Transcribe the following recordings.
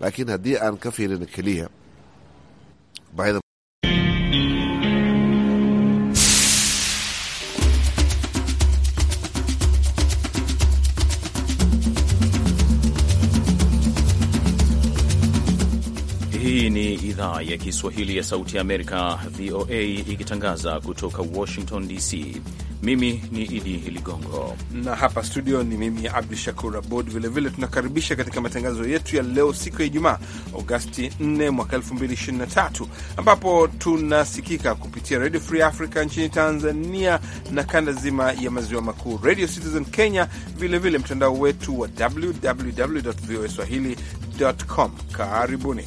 laakiin haddii aan ka fiirina keliya Hii ni idhaa ya Kiswahili ya Sauti ya Amerika, VOA, ikitangaza kutoka Washington DC. Mimi ni Idi Ligongo na hapa studio ni mimi Abdu Shakur Abud. Vilevile tunakaribisha katika matangazo yetu ya leo, siku ya Ijumaa Agosti 4 mwaka 2023, ambapo tunasikika kupitia Radio Free Africa nchini Tanzania na kanda zima ya maziwa makuu, Radio Citizen Kenya, vilevile mtandao wetu wa www voa swahili com. Karibuni.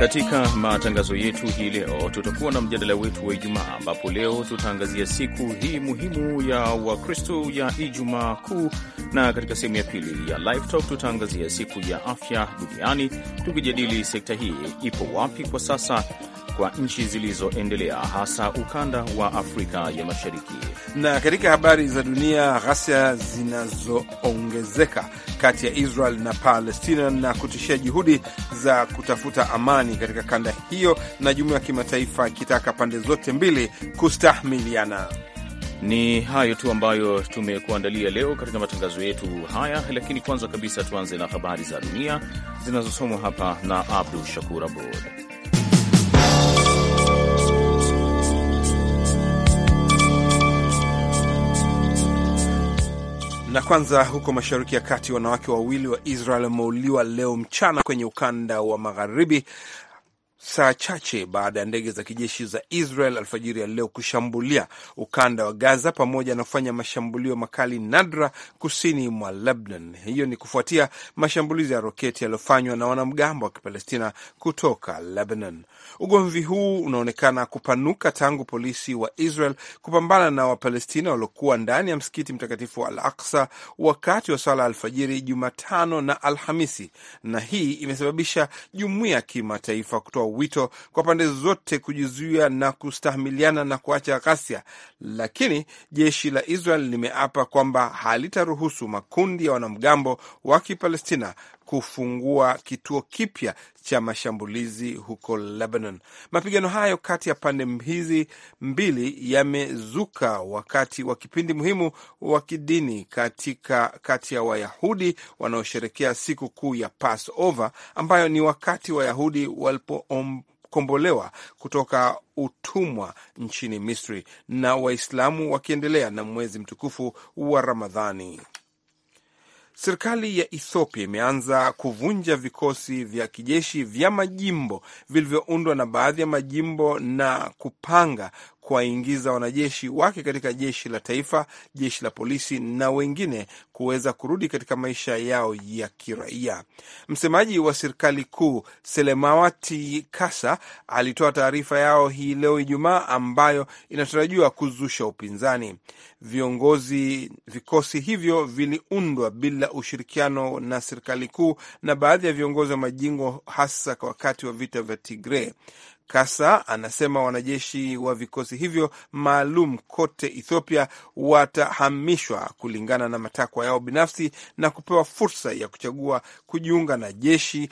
Katika matangazo yetu hii leo tutakuwa na mjadala wetu wa Ijumaa ambapo leo tutaangazia siku hii muhimu ya Wakristo ya Ijumaa Kuu, na katika sehemu ya pili ya Live Talk tutaangazia siku ya afya duniani tukijadili sekta hii ipo wapi kwa sasa kwa nchi zilizoendelea hasa ukanda wa Afrika ya Mashariki. Na katika habari za dunia, ghasia zinazoongezeka kati ya Israel na Palestina na kutishia juhudi za kutafuta amani katika kanda hiyo, na jumuiya ya kimataifa ikitaka pande zote mbili kustahimiliana. Ni hayo tu ambayo tumekuandalia leo katika matangazo yetu haya, lakini kwanza kabisa tuanze na habari za dunia zinazosomwa hapa na Abdu Shakur Abud. Na kwanza huko Mashariki ya Kati, wanawake wawili wa Israel wameuliwa leo mchana kwenye ukanda wa magharibi saa chache baada ya ndege za kijeshi za Israel alfajiri ya leo kushambulia ukanda wa Gaza pamoja na kufanya mashambulio makali nadra kusini mwa Lebanon. Hiyo ni kufuatia mashambulizi ya roketi yaliyofanywa na wanamgambo wa Kipalestina kutoka Lebanon. Ugomvi huu unaonekana kupanuka tangu polisi wa Israel kupambana na Wapalestina waliokuwa ndani ya msikiti mtakatifu wa Al Aksa wakati wa swala alfajiri Jumatano na Alhamisi, na hii imesababisha jumuiya ya kimataifa kutoa wito kwa pande zote kujizuia na kustahimiliana na kuacha ghasia, lakini jeshi la Israel limeapa kwamba halitaruhusu makundi ya wanamgambo wa Kipalestina kufungua kituo kipya cha mashambulizi huko Lebanon. Mapigano hayo kati ya pande hizi mbili yamezuka wakati wa kipindi muhimu wa kidini katika kati ya Wayahudi wanaosherekea siku kuu ya Passover, ambayo ni wakati Wayahudi walipo kombolewa kutoka utumwa nchini Misri na Waislamu wakiendelea na mwezi mtukufu wa Ramadhani. Serikali ya Ethiopia imeanza kuvunja vikosi vya kijeshi vya majimbo vilivyoundwa na baadhi ya majimbo na kupanga kuwaingiza wanajeshi wake katika jeshi la taifa, jeshi la polisi na wengine kuweza kurudi katika maisha yao ya kiraia. Msemaji wa serikali kuu Selemawati Kasa alitoa taarifa yao hii leo Ijumaa, ambayo inatarajiwa kuzusha upinzani. Viongozi vikosi hivyo viliundwa bila ushirikiano na serikali kuu na baadhi ya viongozi wa majimbo, hasa wakati wa vita vya Tigray. Kasa anasema wanajeshi wa vikosi hivyo maalum kote Ethiopia watahamishwa kulingana na matakwa yao binafsi na kupewa fursa ya kuchagua kujiunga na jeshi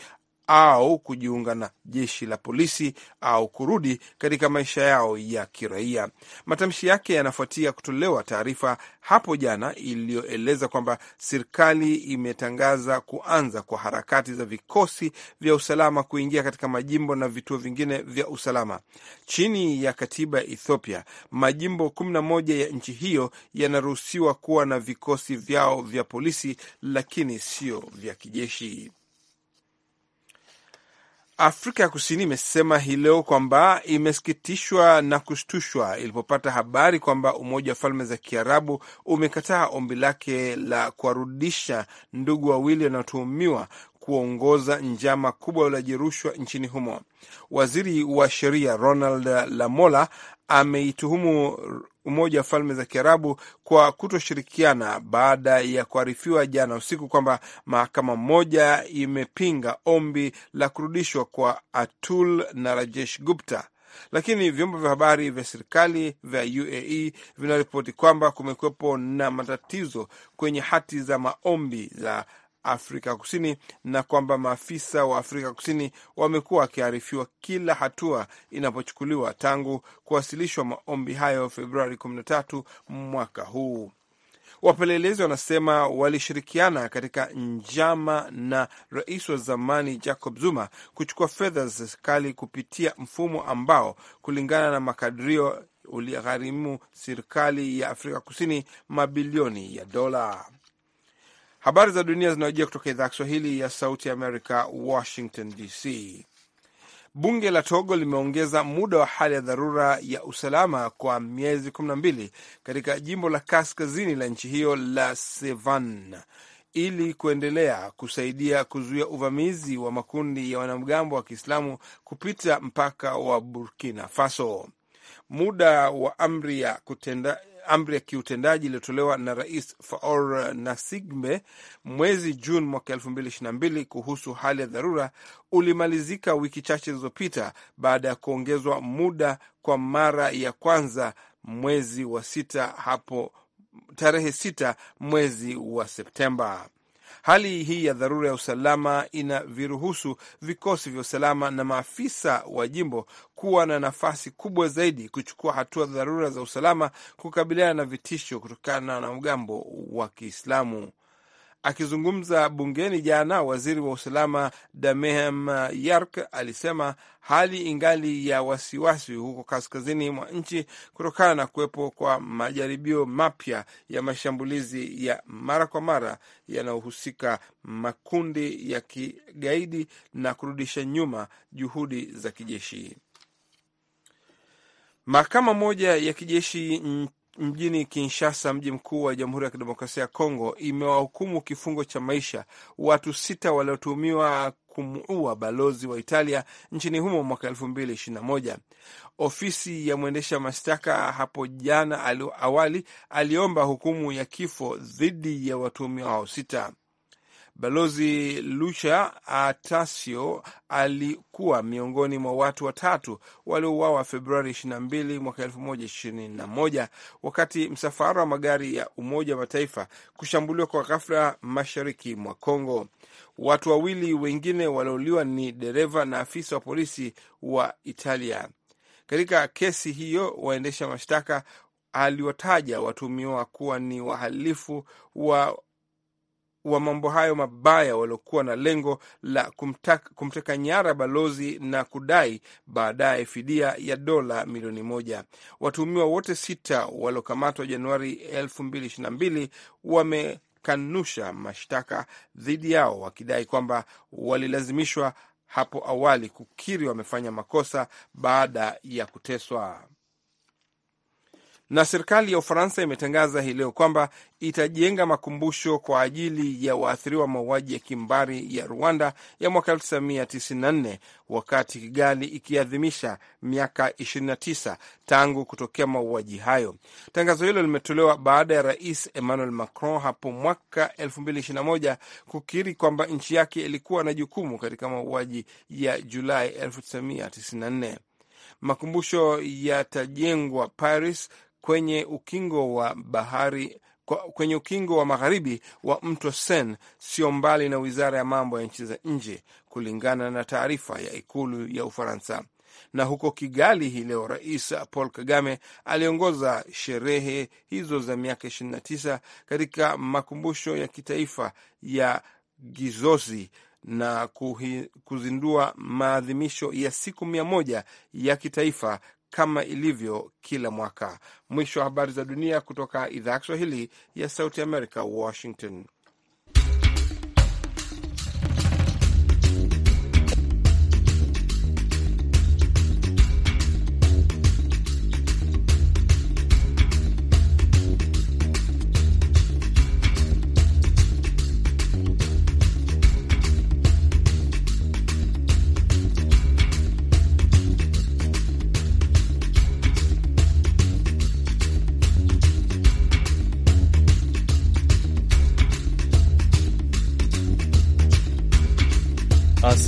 au kujiunga na jeshi la polisi au kurudi katika maisha yao ya kiraia. Matamshi yake yanafuatia kutolewa taarifa hapo jana iliyoeleza kwamba serikali imetangaza kuanza kwa harakati za vikosi vya usalama kuingia katika majimbo na vituo vingine vya usalama. Chini ya katiba ya Ethiopia, majimbo kumi na moja ya nchi hiyo yanaruhusiwa kuwa na vikosi vyao vya polisi, lakini sio vya kijeshi. Afrika ya Kusini imesema hii leo kwamba imesikitishwa na kushtushwa ilipopata habari kwamba Umoja wa Falme za Kiarabu umekataa ombi lake la kuwarudisha ndugu wawili wanaotuhumiwa kuongoza njama kubwa ya ulaji rushwa nchini humo. Waziri wa sheria Ronald Lamola ameituhumu Umoja wa Falme za Kiarabu kwa kutoshirikiana baada ya kuarifiwa jana usiku kwamba mahakama moja imepinga ombi la kurudishwa kwa Atul na Rajesh Gupta lakini vyombo vya habari vya serikali vya UAE vinaripoti kwamba kumekuwepo na matatizo kwenye hati za maombi za Afrika Kusini na kwamba maafisa wa Afrika Kusini wamekuwa wakiarifiwa kila hatua inapochukuliwa tangu kuwasilishwa maombi hayo Februari 13 mwaka huu. Wapelelezi wanasema walishirikiana katika njama na rais wa zamani Jacob Zuma kuchukua fedha za serikali kupitia mfumo ambao kulingana na makadirio uligharimu serikali ya Afrika Kusini mabilioni ya dola. Habari za dunia zinawajia kutoka idhaa ya Kiswahili ya Sauti ya Amerika, Washington DC. Bunge la Togo limeongeza muda wa hali ya dharura ya usalama kwa miezi 12 katika jimbo la kaskazini la nchi hiyo la Sevan ili kuendelea kusaidia kuzuia uvamizi wa makundi ya wanamgambo wa Kiislamu kupita mpaka wa Burkina Faso. Muda wa amri ya kutenda amri ya kiutendaji iliyotolewa na Rais faor Nasigme mwezi Juni mwaka mbili kuhusu hali ya dharura ulimalizika wiki chache zilizopita baada ya kuongezwa muda kwa mara ya kwanza mwezi wa sita hapo tarehe sita mwezi wa Septemba. Hali hii ya dharura ya usalama inaviruhusu vikosi vya usalama na maafisa wa jimbo kuwa na nafasi kubwa zaidi kuchukua hatua dharura za usalama kukabiliana na vitisho kutokana na mgambo wa Kiislamu. Akizungumza bungeni jana, waziri wa usalama Damehem Yark alisema hali ingali ya wasiwasi huko kaskazini mwa nchi kutokana na kuwepo kwa majaribio mapya ya mashambulizi ya mara kwa mara yanayohusika makundi ya kigaidi na kurudisha nyuma juhudi za kijeshi. Mahakama moja ya kijeshi mjini Kinshasa, mji mkuu wa Jamhuri ya Kidemokrasia ya Kongo, imewahukumu kifungo cha maisha watu sita waliotuhumiwa kumuua balozi wa Italia nchini humo mwaka elfu mbili ishirini na moja. Ofisi ya mwendesha mashtaka hapo jana awali aliomba hukumu ya kifo dhidi ya watuhumiwa hao sita. Balozi Lucha Atasio alikuwa miongoni mwa watu watatu waliouawa Februari 22 mwaka 2021 wakati msafara wa magari ya Umoja wa Mataifa kushambuliwa kwa ghafla mashariki mwa congo Watu wawili wengine waliouliwa ni dereva na afisa wa polisi wa Italia. Katika kesi hiyo, waendesha mashtaka aliwataja watumiwa kuwa ni wahalifu wa wa mambo hayo mabaya waliokuwa na lengo la kumtaka, kumteka nyara balozi na kudai baadaye fidia ya dola milioni moja. Watuhumiwa wote sita waliokamatwa Januari 2022 wamekanusha mashtaka dhidi yao wakidai kwamba walilazimishwa hapo awali kukiri wamefanya makosa baada ya kuteswa. Na serikali ya Ufaransa imetangaza hii leo kwamba itajenga makumbusho kwa ajili ya waathiriwa mauaji ya kimbari ya Rwanda ya mwaka 1994 wakati Kigali ikiadhimisha miaka 29 tangu kutokea mauaji hayo. Tangazo hilo limetolewa baada ya Rais Emmanuel Macron hapo mwaka 2021 kukiri kwamba nchi yake ilikuwa na jukumu katika mauaji ya Julai 1994. Makumbusho yatajengwa Paris kwenye ukingo wa bahari kwenye ukingo wa magharibi wa mto Sen sio mbali na wizara ya mambo ya nchi za nje, kulingana na taarifa ya ikulu ya Ufaransa. Na huko Kigali hii leo, Rais Paul Kagame aliongoza sherehe hizo za miaka 29 katika makumbusho ya kitaifa ya Gizozi na kuhi, kuzindua maadhimisho ya siku mia moja ya kitaifa kama ilivyo kila mwaka. Mwisho wa habari za dunia kutoka idhaa ya Kiswahili ya Sauti Amerika, Washington.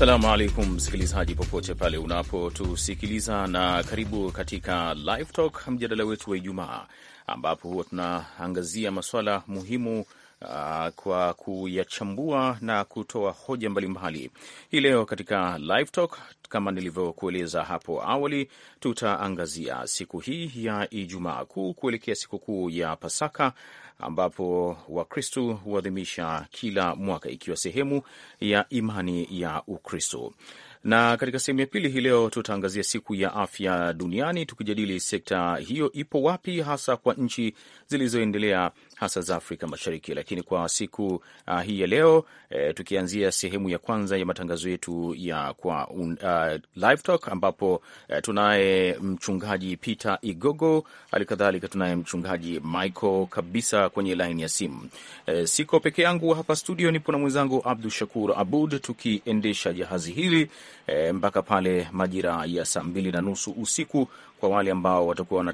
Assalamu alaikum msikilizaji, popote pale unapotusikiliza, na karibu katika Live Talk, mjadala wetu wa Ijumaa, ambapo huwa tunaangazia masuala muhimu uh, kwa kuyachambua na kutoa hoja mbalimbali. Hii leo katika Live Talk, kama nilivyokueleza hapo awali, tutaangazia siku hii ya Ijumaa Kuu kuelekea sikukuu ya Pasaka ambapo Wakristo huadhimisha kila mwaka ikiwa sehemu ya imani ya Ukristo. Na katika sehemu ya pili hii leo tutaangazia siku ya afya duniani, tukijadili sekta hiyo ipo wapi hasa kwa nchi zilizoendelea hasa za Afrika Mashariki. Lakini kwa siku uh, hii ya leo eh, tukianzia sehemu ya kwanza ya matangazo yetu ya kwa un, uh, live talk ambapo eh, tunaye mchungaji Peter Igogo, hali kadhalika tunaye mchungaji Michael kabisa kwenye laini ya simu. Eh, siko peke yangu hapa studio, nipo na mwenzangu Abdu Shakur Abud tukiendesha jahazi hili eh, mpaka pale majira ya saa mbili na nusu usiku kwa wale ambao watakuwa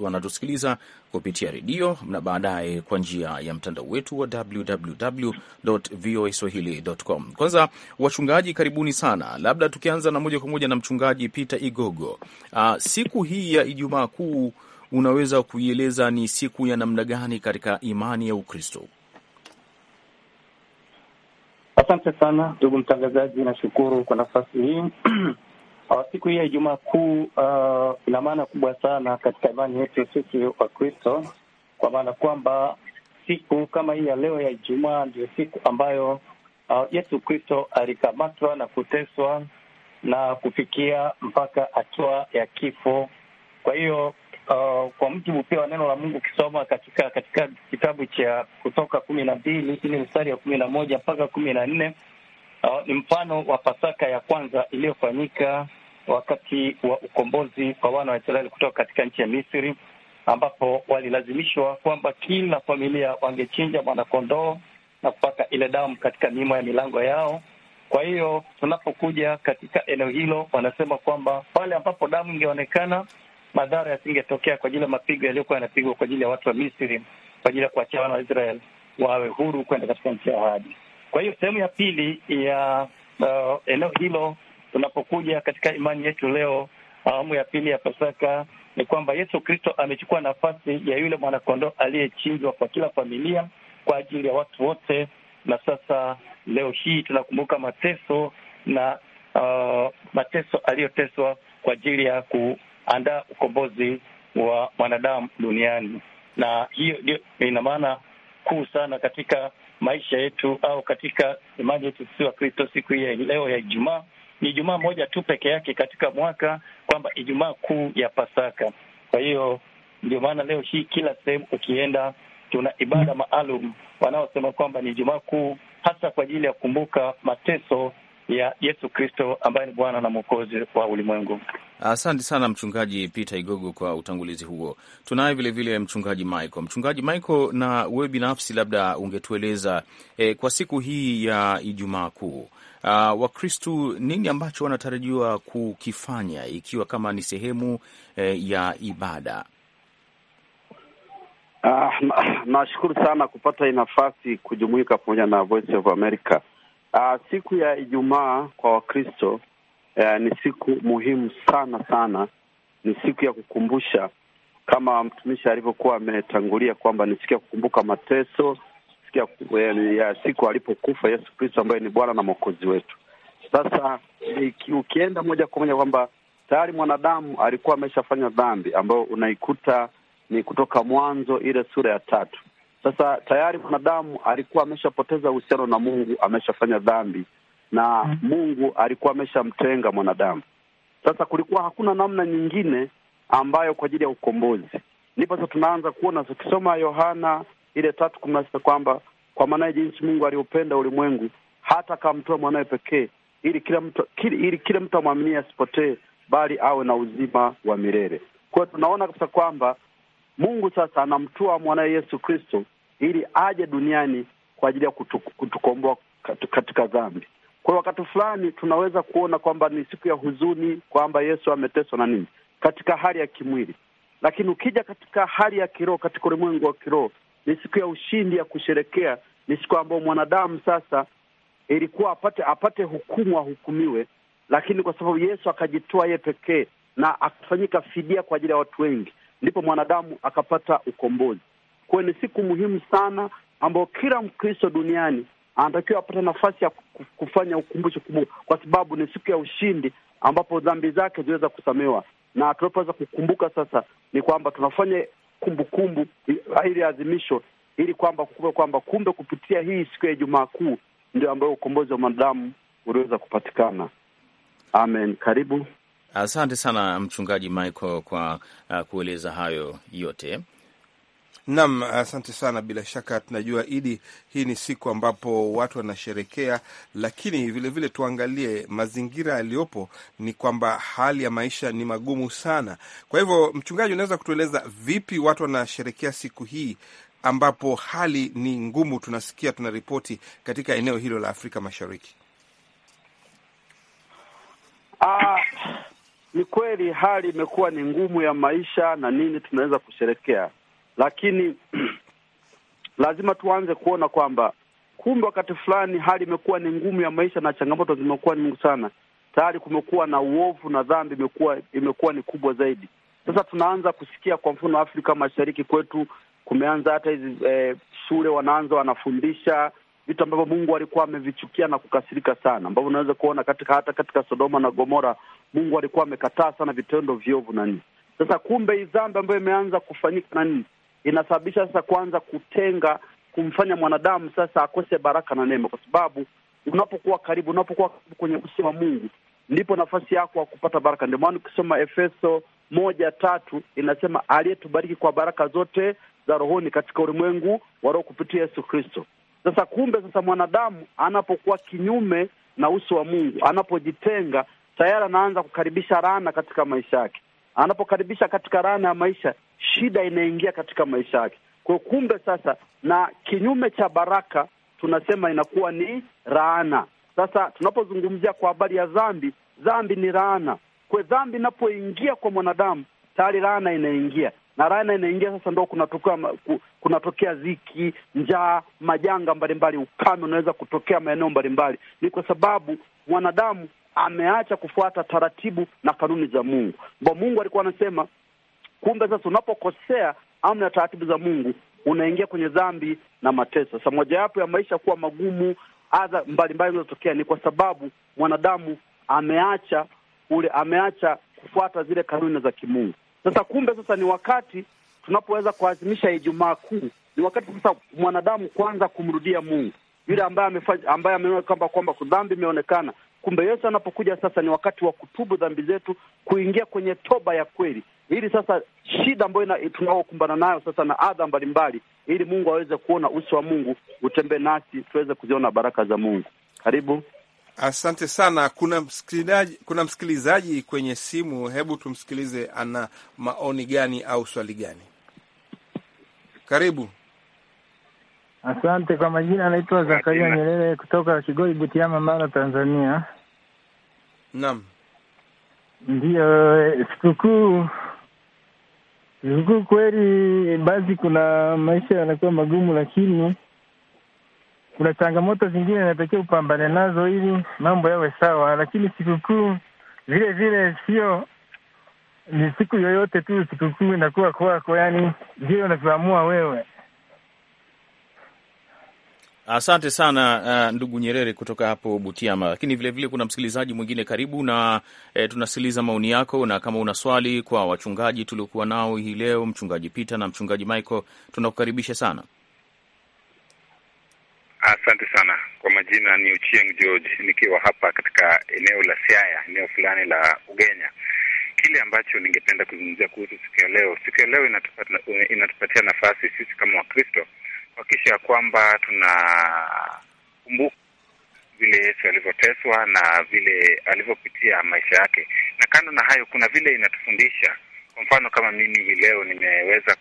wanatusikiliza kupitia redio na baadaye kwa njia ya mtandao wetu wa swahilicom. Kwanza wachungaji, karibuni sana. Labda tukianza na moja kwa moja na mchungaji Peter Igogo, uh, siku hii ya Ijumaa Kuu unaweza kuieleza ni siku ya namna gani katika imani ya Ukristo? Asante sana ndugu mtangazaji, nashukuru kwa nafasi hii Uh, siku hii ya Ijumaa Kuu uh, ina maana kubwa sana katika imani yetu sisi wa Kristo, kwa maana kwamba siku kama hii ya leo ya Ijumaa ndio siku ambayo uh, Yesu Kristo alikamatwa na kuteswa na kufikia mpaka hatua ya kifo. Kwa hiyo uh, kwa mujibu pia wa neno la Mungu ukisoma katika katika kitabu cha Kutoka kumi na mbili ile mstari ya kumi na moja mpaka kumi na nne uh, ni mfano wa Pasaka ya kwanza iliyofanyika wakati wa ukombozi kwa wana wa Israeli kutoka katika nchi ya Misri, ambapo walilazimishwa kwamba kila familia wangechinja mwanakondoo na kupaka ile damu katika mimo ya milango yao. Kwa hiyo tunapokuja katika eneo hilo, wanasema kwamba pale ambapo damu ingeonekana, madhara yasingetokea kwa ajili ya mapigo yaliyokuwa yanapigwa kwa ajili ya watu wa Misri, kwa ajili ya kuachia wana wa Israeli wawe huru kwenda katika nchi ya ahadi. Kwa hiyo sehemu ya pili ya uh, eneo hilo tunapokuja katika imani yetu leo, uh, awamu ya pili ya Pasaka, ni kwamba Yesu Kristo amechukua nafasi ya yule mwanakondoo aliyechinjwa kwa kila familia kwa ajili ya watu wote, na sasa leo hii tunakumbuka mateso na uh, mateso aliyoteswa kwa ajili ya kuandaa ukombozi wa mwanadamu duniani, na hiyo ndio ina maana kuu sana katika maisha yetu au katika imani yetu sisi wa Kristo. Siku ya leo ya Ijumaa ni Ijumaa moja tu peke yake katika mwaka, kwamba Ijumaa kuu ya Pasaka. Kwa hiyo ndio maana leo hii kila sehemu ukienda tuna ibada maalum wanaosema kwamba ni Ijumaa kuu hasa kwa ajili ya kukumbuka mateso ya Yesu Kristo ambaye ni Bwana na Mwokozi wa ulimwengu. Asante sana Mchungaji Peter Igogo kwa utangulizi huo. Tunaye vilevile Mchungaji Michael. Mchungaji Michael, na wewe binafsi labda ungetueleza e, kwa siku hii ya Ijumaa Kuu ah, Wakristu nini ambacho wanatarajiwa kukifanya ikiwa kama ni sehemu e, ya ibada? Ah, nashukuru na sana kupata hii nafasi kujumuika pamoja na Voice of America. Uh, siku ya Ijumaa kwa Wakristo eh, ni siku muhimu sana sana. Ni siku ya kukumbusha kama mtumishi alivyokuwa ametangulia kwamba ni siku ya kukumbuka mateso, siku ya, eh, ya siku alipokufa Yesu Kristo ambaye ni Bwana na Mwokozi wetu. Sasa ukienda moja kwa moja kwamba tayari mwanadamu alikuwa ameshafanya dhambi ambayo unaikuta ni kutoka Mwanzo ile sura ya tatu. Sasa tayari mwanadamu alikuwa ameshapoteza uhusiano na Mungu, ameshafanya dhambi na Mungu alikuwa ameshamtenga mwanadamu. Sasa kulikuwa hakuna namna nyingine ambayo kwa ajili ya ukombozi. Ndipo sasa tunaanza kuona tukisoma Yohana ile tatu kumi na sita kwamba kwa maana jinsi Mungu aliupenda ulimwengu hata akamtoa mwanawe pekee, ili kila mtu ili, ili kila mtu amwaminie asipotee, bali awe na uzima wa milele. Kwa hiyo tunaona kabisa kwamba Mungu sasa anamtoa mwanaye Yesu Kristo ili aje duniani kwa ajili ya kutukomboa katika dhambi. Kwa wakati fulani tunaweza kuona kwamba ni siku ya huzuni, kwamba Yesu ameteswa na nini katika hali ya kimwili, lakini ukija katika hali ya kiroho, katika ulimwengu wa kiroho, ni siku ya ushindi, ya kusherekea. Ni siku ambayo mwanadamu sasa ilikuwa apate apate hukumu, ahukumiwe, lakini kwa sababu Yesu akajitoa ye pekee na akafanyika fidia kwa ajili ya watu wengi, ndipo mwanadamu akapata ukombozi. Kwa ni siku muhimu sana ambayo kila Mkristo duniani anatakiwa apate nafasi ya kufanya ukumbusho kubwa, kwa sababu ni siku ya ushindi ambapo dhambi zake zinaweza kusamewa, na tunapoweza kukumbuka sasa ni kwamba tunafanya kumbukumbu eh, ili azimisho, ili kwamba kukumbuka kwamba kumbe kupitia hii siku ya Ijumaa Kuu ndio ambayo ukombozi wa mwanadamu uliweza kupatikana. Amen. Karibu. Asante sana Mchungaji Michael kwa uh, kueleza hayo yote. Nam, asante sana. Bila shaka tunajua Idi, hii ni siku ambapo watu wanasherekea, lakini vilevile vile tuangalie mazingira yaliyopo, ni kwamba hali ya maisha ni magumu sana. Kwa hivyo, mchungaji, unaweza kutueleza vipi watu wanasherekea siku hii ambapo hali ni ngumu, tunasikia tunaripoti katika eneo hilo la Afrika Mashariki? Ah, ni kweli hali imekuwa ni ngumu ya maisha na nini tunaweza kusherekea lakini lazima tuanze kuona kwamba kumbe wakati fulani hali imekuwa ni ngumu ya maisha na changamoto zimekuwa ni nyingi sana, tayari kumekuwa na uovu na dhambi imekuwa imekuwa ni kubwa zaidi. Sasa tunaanza kusikia, kwa mfano Afrika Mashariki kwetu kumeanza hata hizi eh, shule wanaanza wanafundisha vitu ambavyo Mungu alikuwa amevichukia na kukasirika sana, ambavyo unaweza kuona katika hata katika Sodoma na Gomora, Mungu alikuwa amekataa sana vitendo viovu na nini. Sasa kumbe hii dhambi ambayo imeanza kufanyika na nini inasababisha sasa kwanza kutenga, kumfanya mwanadamu sasa akose baraka na neema, kwa sababu unapokuwa karibu, unapokuwa karibu kwenye uso wa Mungu ndipo nafasi yako ya kupata baraka. Ndio maana ukisoma Efeso moja tatu inasema aliyetubariki kwa baraka zote za rohoni katika ulimwengu wa roho kupitia Yesu Kristo. Sasa kumbe, sasa mwanadamu anapokuwa kinyume na uso wa Mungu, anapojitenga, tayari anaanza kukaribisha laana katika maisha yake. Anapokaribisha katika laana ya maisha, shida inaingia katika maisha yake. Kwa kumbe sasa, na kinyume cha baraka tunasema inakuwa ni laana. Sasa tunapozungumzia kwa habari ya dhambi, dhambi ni laana. Kwa dhambi inapoingia kwa mwanadamu tayari laana inaingia, na laana inaingia sasa, ndo kunatokea kunatokea ziki, njaa, majanga mbalimbali, ukame unaweza kutokea maeneo mbalimbali. Ni kwa sababu mwanadamu ameacha kufuata taratibu na kanuni za Mungu, ambao Mungu alikuwa anasema Kumbe sasa unapokosea amri ya taratibu za Mungu unaingia kwenye dhambi na mateso. Sa mojawapo ya maisha kuwa magumu, adha mbalimbali zinazotokea ni kwa sababu mwanadamu ameacha ule, ameacha kufuata zile kanuni za kimungu. Sasa kumbe sasa ni wakati tunapoweza kuadhimisha Ijumaa Kuu, ni wakati sasa mwanadamu kwanza kumrudia Mungu yule ambaye amefanya ambaye ameona kwamba kwamba dhambi imeonekana, Kumbe Yesu anapokuja sasa, ni wakati wa kutubu dhambi zetu, kuingia kwenye toba ya kweli, ili sasa shida ambayo tunaokumbana nayo sasa na adha mbalimbali, ili Mungu aweze kuona uso wa Mungu utembee nasi, tuweze kuziona baraka za Mungu. Karibu. Asante sana. Kuna msikilizaji, kuna msikilizaji kwenye simu. Hebu tumsikilize, ana maoni gani au swali gani? Karibu. Asante. Kwa majina anaitwa Zakaria Nyerere kutoka Kigoi Butiama, Mara, Tanzania. Naam, ndiyo eh, sikukuu. Sikukuu kweli, basi kuna maisha yanakuwa magumu, lakini kuna changamoto zingine inatakiwa upambane nazo ili mambo yawe sawa. Lakini sikukuu vile vile sio ni siku yoyote tu, sikukuu inakuwa kwako, yani vile unavyoamua wewe. Asante sana uh, ndugu Nyerere kutoka hapo Butiama. Lakini vilevile vile kuna msikilizaji mwingine karibu na e, tunasikiliza maoni yako, na kama una swali kwa wachungaji tuliokuwa nao hii leo, mchungaji Peter na mchungaji Michael, tunakukaribisha sana. Asante sana. Kwa majina ni Uchieng George, nikiwa hapa katika eneo la Siaya, eneo fulani la Ugenya. Kile ambacho ningependa kuzungumzia kuhusu siku ya leo, siku ya leo inatupatia nafasi sisi kama Wakristo kuhakikisha ya kwamba tunakumbuka vile Yesu alivyoteswa na vile alivyopitia maisha yake, na kando na hayo, kuna vile inatufundisha. Kwa mfano kama mimi hii leo nimeweza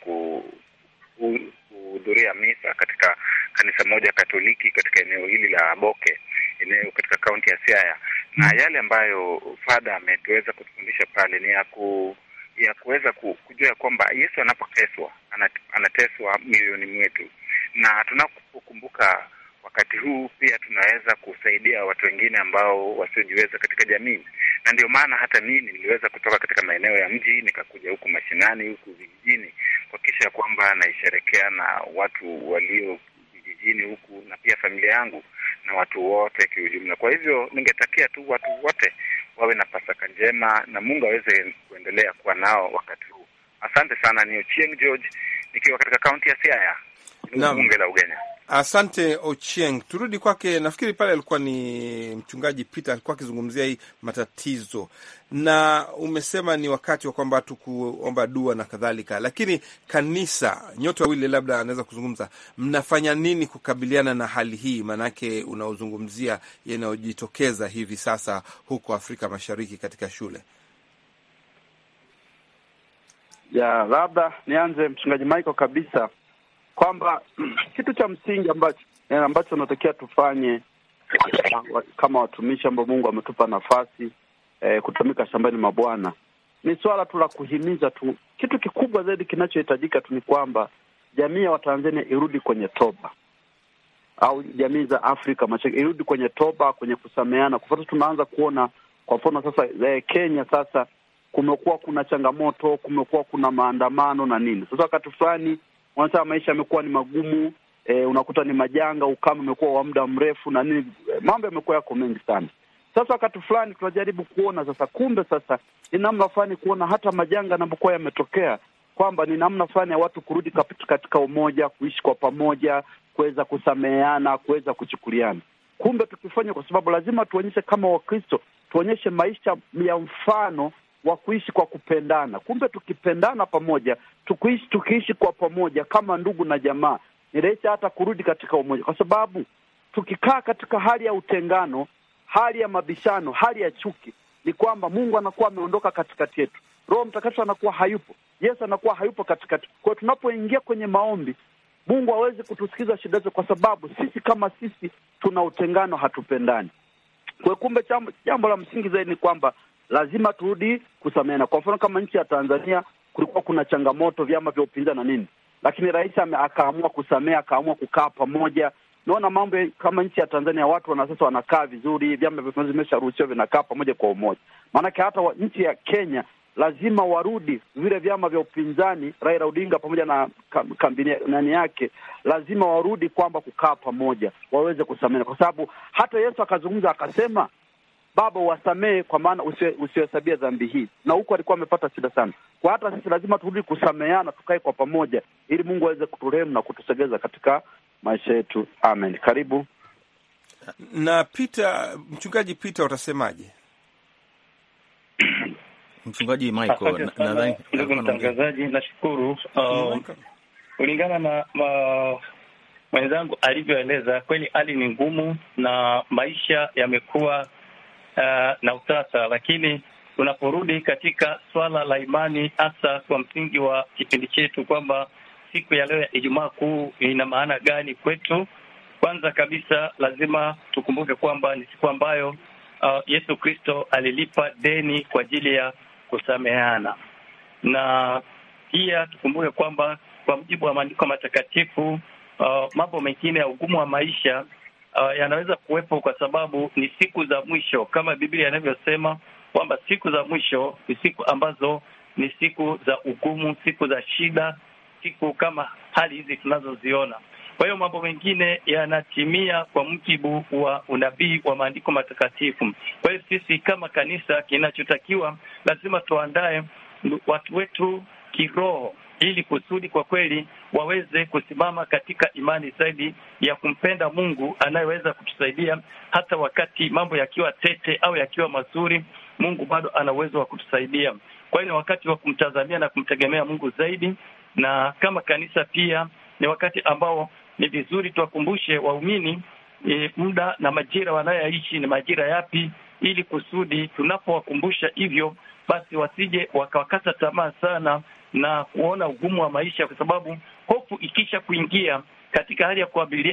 kuhudhuria misa katika kanisa moja Katoliki katika eneo hili la Boke, eneo katika kaunti ya Siaya, na yale ambayo Fadha ametuweza kutufundisha pale ni ya ku ya kuweza kujua ya kwamba Yesu anapoteswa anateswa mioyoni mwetu na tunapokumbuka wakati huu pia tunaweza kusaidia watu wengine ambao wasiojiweza katika jamii, na ndio maana hata mimi niliweza kutoka katika maeneo ya mji nikakuja huku mashinani, huku vijijini, kuhakikisha kwamba naisherekea na watu walio vijijini huku na pia familia yangu na watu wote kiujumla. Kwa hivyo ningetakia tu watu wote wawe na Pasaka njema na Mungu aweze kuendelea kuwa nao wakati huu. Asante sana. Ni Ochieng George nikiwa katika kaunti ya Siaya bunge la Ugenya. Asante Ochieng, turudi kwake. Nafikiri pale alikuwa ni mchungaji Peter, alikuwa akizungumzia hii matatizo, na umesema ni wakati wa kwamba tukuomba dua na kadhalika, lakini kanisa, nyote wawili, labda anaweza kuzungumza, mnafanya nini kukabiliana na hali hii? Maanake unaozungumzia yanayojitokeza hivi sasa huko Afrika Mashariki katika shule ya, labda nianze mchungaji Michael kabisa kwamba kitu cha msingi ambacho eh, ambacho natokea tufanye kama watumishi ambao Mungu ametupa nafasi eh, kutumika shambani mwa Bwana ni swala tu la kuhimiza tu. Kitu kikubwa zaidi kinachohitajika tu ni kwamba jamii ya Watanzania irudi kwenye toba au jamii za Afrika Mashariki irudi kwenye toba, kwenye kusameana. Kwa sababu tunaanza kuona kwa mfano sasa eh, Kenya sasa kumekuwa kuna changamoto, kumekuwa kuna maandamano na nini. Sasa wakati fulani wanasema maisha yamekuwa ni magumu e, unakuta ni majanga, ukame umekuwa wa muda mrefu na nini, eh, mambo yamekuwa yako mengi sana. Sasa wakati fulani tunajaribu kuona sasa, kumbe sasa ni namna fulani kuona hata majanga yanapokuwa yametokea kwamba ni namna fulani ya watu kurudi katika umoja, kuishi kwa pamoja, kuweza kusameheana, kuweza kuchukuliana. Kumbe tukifanya, kwa sababu lazima tuonyeshe kama Wakristo, tuonyeshe maisha ya mfano wa kuishi kwa kupendana. Kumbe tukipendana pamoja, tukiishi tukiishi kwa pamoja kama ndugu na jamaa, ni rahisi hata kurudi katika umoja, kwa sababu tukikaa katika hali ya utengano, hali ya mabishano, hali ya chuki, ni kwamba Mungu anakuwa ameondoka katikati yetu, Roho Mtakatifu anakuwa hayupo, Yesu anakuwa hayupo katikati. Kwa hiyo tunapoingia kwenye maombi Mungu hawezi kutusikiza shida zetu, kwa sababu sisi kama sisi tuna utengano, hatupendani. Kwa kumbe, jambo la msingi zaidi ni kwamba lazima turudi kusameana. Kwa mfano kama nchi ya Tanzania kulikuwa kuna changamoto, vyama vya upinzani na nini, lakini rais akaamua kusamea, akaamua kukaa pamoja. Naona mambo kama nchi ya Tanzania watu wana sasa wanakaa vizuri, vyama vya upinzani vimesharuhusiwa vinakaa pamoja kwa umoja. Maanake hata nchi ya Kenya lazima warudi vile vyama vya upinzani, Raila Odinga pamoja na kambini nani yake, lazima warudi kwamba kukaa pamoja waweze kusameana, kwa sababu hata Yesu akazungumza akasema Baba wasamehe kwa maana usiohesabia dhambi hii. Na huko alikuwa amepata shida sana, kwa hata sisi lazima turudi kusameheana, tukae kwa pamoja, ili Mungu aweze kuturehemu na kutusogeza katika maisha yetu. Amen. Karibu na Peter, mchungaji Peter, utasemaje? Mchungaji Michael, nadhani ndugu mtangazaji, nashukuru um, kulingana na mwenzangu alivyoeleza, kweli hali ni ngumu na maisha yamekuwa uh, na utata, lakini tunaporudi katika swala la imani, hasa kwa msingi wa kipindi chetu kwamba siku ya leo ya Ijumaa Kuu ina maana gani kwetu, kwanza kabisa lazima tukumbuke kwamba ni siku ambayo uh, Yesu Kristo alilipa deni kwa ajili ya kusameheana, na pia tukumbuke kwamba kwa mujibu wa maandiko matakatifu, uh, mambo mengine ya ugumu wa maisha uh, yanaweza kuwepo kwa sababu ni siku za mwisho, kama Biblia inavyosema kwamba siku za mwisho ni siku ambazo ni siku za hukumu, siku za shida, siku kama hali hizi tunazoziona. Kwa hiyo mambo mengine yanatimia kwa mujibu wa unabii wa maandiko matakatifu. Kwa hiyo sisi kama kanisa, kinachotakiwa lazima tuandae watu wetu kiroho ili kusudi kwa kweli waweze kusimama katika imani zaidi ya kumpenda Mungu anayeweza kutusaidia hata wakati mambo yakiwa tete au yakiwa mazuri. Mungu bado ana uwezo wa kutusaidia. Kwa hiyo ni wakati wa kumtazamia na kumtegemea Mungu zaidi, na kama kanisa pia ni wakati ambao ni vizuri tuwakumbushe waumini e, muda na majira wanayoishi ni majira yapi, ili kusudi tunapowakumbusha hivyo basi wasije wakawakata tamaa sana na kuona ugumu wa maisha, kwa sababu hofu ikisha kuingia katika hali ya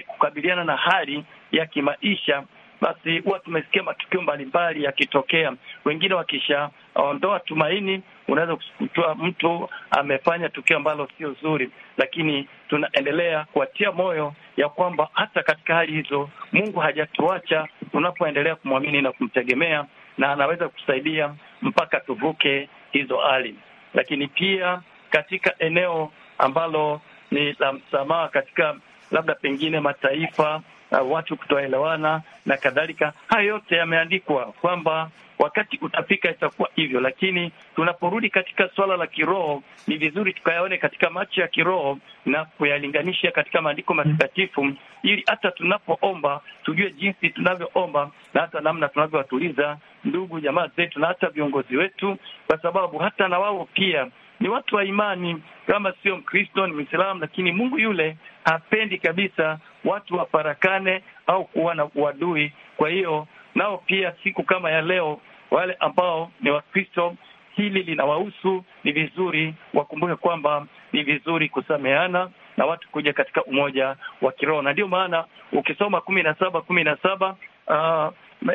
kukabiliana na hali ya kimaisha, basi huwa tumesikia matukio mbalimbali yakitokea. Wengine wakishaondoa tumaini, unaweza kukuta mtu amefanya tukio ambalo sio zuri, lakini tunaendelea kuwatia moyo ya kwamba hata katika hali hizo Mungu hajatuacha tunapoendelea kumwamini na kumtegemea, na anaweza kusaidia mpaka tuvuke hizo hali. Lakini pia katika eneo ambalo ni la msamaha katika labda pengine mataifa uh, watu kutoelewana na kadhalika. Hayo yote yameandikwa kwamba wakati utafika itakuwa hivyo, lakini tunaporudi katika swala la kiroho, ni vizuri tukayaone katika macho ya kiroho na kuyalinganisha katika maandiko matakatifu, ili hata tunapoomba tujue jinsi tunavyoomba na hata namna tunavyowatuliza ndugu jamaa zetu na hata viongozi wetu, kwa sababu hata na wao pia ni watu wa imani, kama sio Mkristo ni Mwislamu, lakini Mungu yule hapendi kabisa watu wafarakane au kuwa na uadui. Kwa hiyo nao pia siku kama ya leo, wale ambao ni Wakristo, hili linawahusu. Ni vizuri wakumbuke kwamba ni vizuri kusameana na watu kuja katika umoja wa kiroho, na ndio maana ukisoma kumi na saba kumi na saba ah,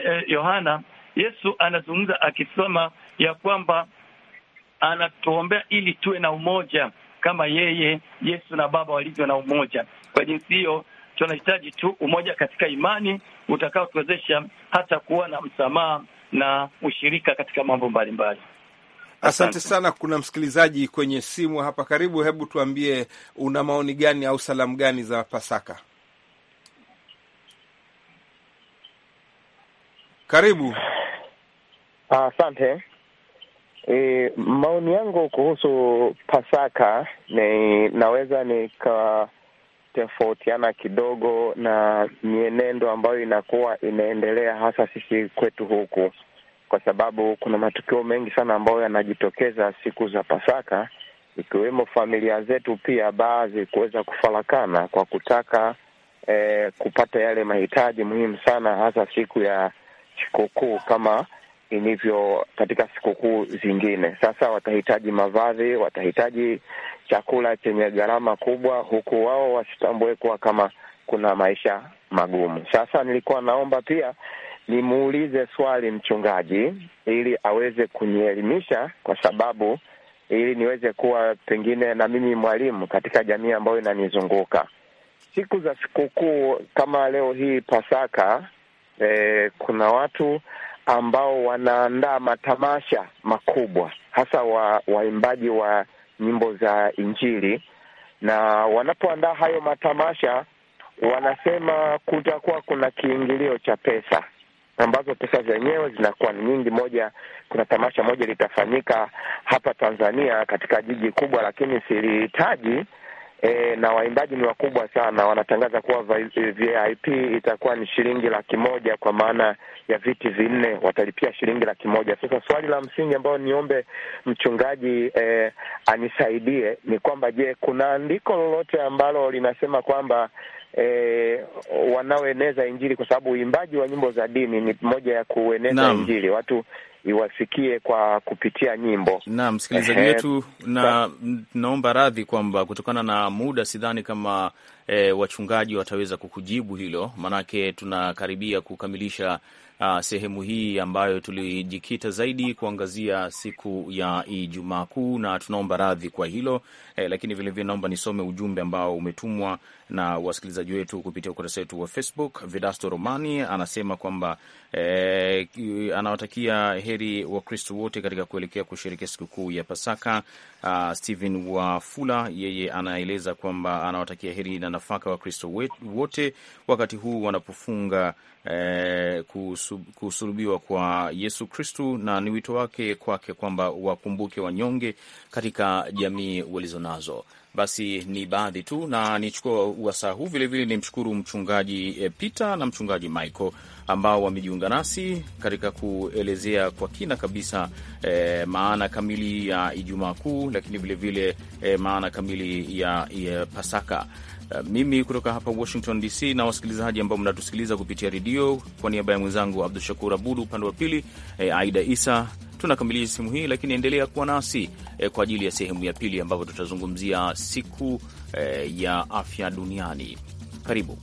eh, Yohana, Yesu anazungumza akisema ya kwamba anatuombea ili tuwe na umoja kama yeye Yesu na Baba walivyo na umoja. Kwa jinsi hiyo, tunahitaji tu umoja katika imani utakaotuwezesha hata kuwa na msamaha na ushirika katika mambo mbalimbali. Asante sana. Kuna msikilizaji kwenye simu hapa karibu, hebu tuambie una maoni gani au salamu gani za Pasaka? Karibu. Asante. Uh, E, maoni yangu kuhusu Pasaka ni naweza nikatofautiana kidogo na mienendo ambayo inakuwa inaendelea hasa sisi kwetu huku, kwa sababu kuna matukio mengi sana ambayo yanajitokeza siku za Pasaka, ikiwemo familia zetu pia baadhi kuweza kufarakana kwa kutaka eh, kupata yale mahitaji muhimu sana hasa siku ya sikukuu kama ilivyo katika sikukuu zingine. Sasa watahitaji mavazi, watahitaji chakula chenye gharama kubwa, huku wao wasitambue kuwa kama kuna maisha magumu. Sasa nilikuwa naomba pia nimuulize swali mchungaji ili aweze kunielimisha, kwa sababu ili niweze kuwa pengine na mimi mwalimu katika jamii ambayo inanizunguka. Siku za sikukuu kama leo hii Pasaka, eh, kuna watu ambao wanaandaa matamasha makubwa, hasa waimbaji wa, wa nyimbo za Injili, na wanapoandaa hayo matamasha wanasema kutakuwa kuna kiingilio cha pesa ambazo pesa zenyewe zinakuwa ni nyingi. Moja, kuna tamasha moja litafanyika hapa Tanzania katika jiji kubwa, lakini silihitaji e, na waimbaji ni wakubwa sana. Wanatangaza kuwa VIP itakuwa ni shilingi laki moja kwa maana ya viti vinne, watalipia shilingi laki moja. Sasa swali la msingi ambayo niombe mchungaji e, anisaidie ni kwamba je, kuna andiko lolote ambalo linasema kwamba eh, wanaoeneza Injili, kwa sababu uimbaji wa nyimbo za dini ni moja ya kueneza Injili, watu iwasikie kwa kupitia nyimbo. Naam, msikilizaji wetu, na naomba radhi kwamba kutokana na muda sidhani kama eh, wachungaji wataweza kukujibu hilo, maanake tunakaribia kukamilisha uh, sehemu hii ambayo tulijikita zaidi kuangazia siku ya Ijumaa Kuu, na tunaomba radhi kwa hilo eh, lakini vilevile naomba nisome ujumbe ambao umetumwa na wasikilizaji wetu kupitia ukurasa wetu wa Facebook. vidasto Romani anasema kwamba eh, anawatakia heri Wakristo wote katika kuelekea kushirikia sikukuu ya Pasaka uh, Stephen Wafula yeye anaeleza kwamba anawatakia heri na nafaka wa kristo wote wakati huu wanapofunga eh, kusulubiwa kwa Yesu Kristu, na ni wito wake kwake kwamba wakumbuke wanyonge katika jamii walizonazo. Basi ni baadhi tu, na nichukua wasaa huu vilevile nimshukuru mchungaji eh, Peter na mchungaji Michael ambao wamejiunga nasi katika kuelezea kwa kina kabisa e, maana kamili ya Ijumaa Kuu, lakini vilevile e, eh, maana kamili ya, ya Pasaka. Eh, mimi kutoka hapa Washington DC na wasikilizaji ambao mnatusikiliza kupitia redio, kwa niaba ya mwenzangu Abdu Shakur Abudu, upande wa pili e, Aida Isa, tunakamilisha sehemu hii, lakini endelea kuwa nasi e, kwa ajili ya sehemu ya pili ambapo tutazungumzia siku e, ya afya duniani. Karibu.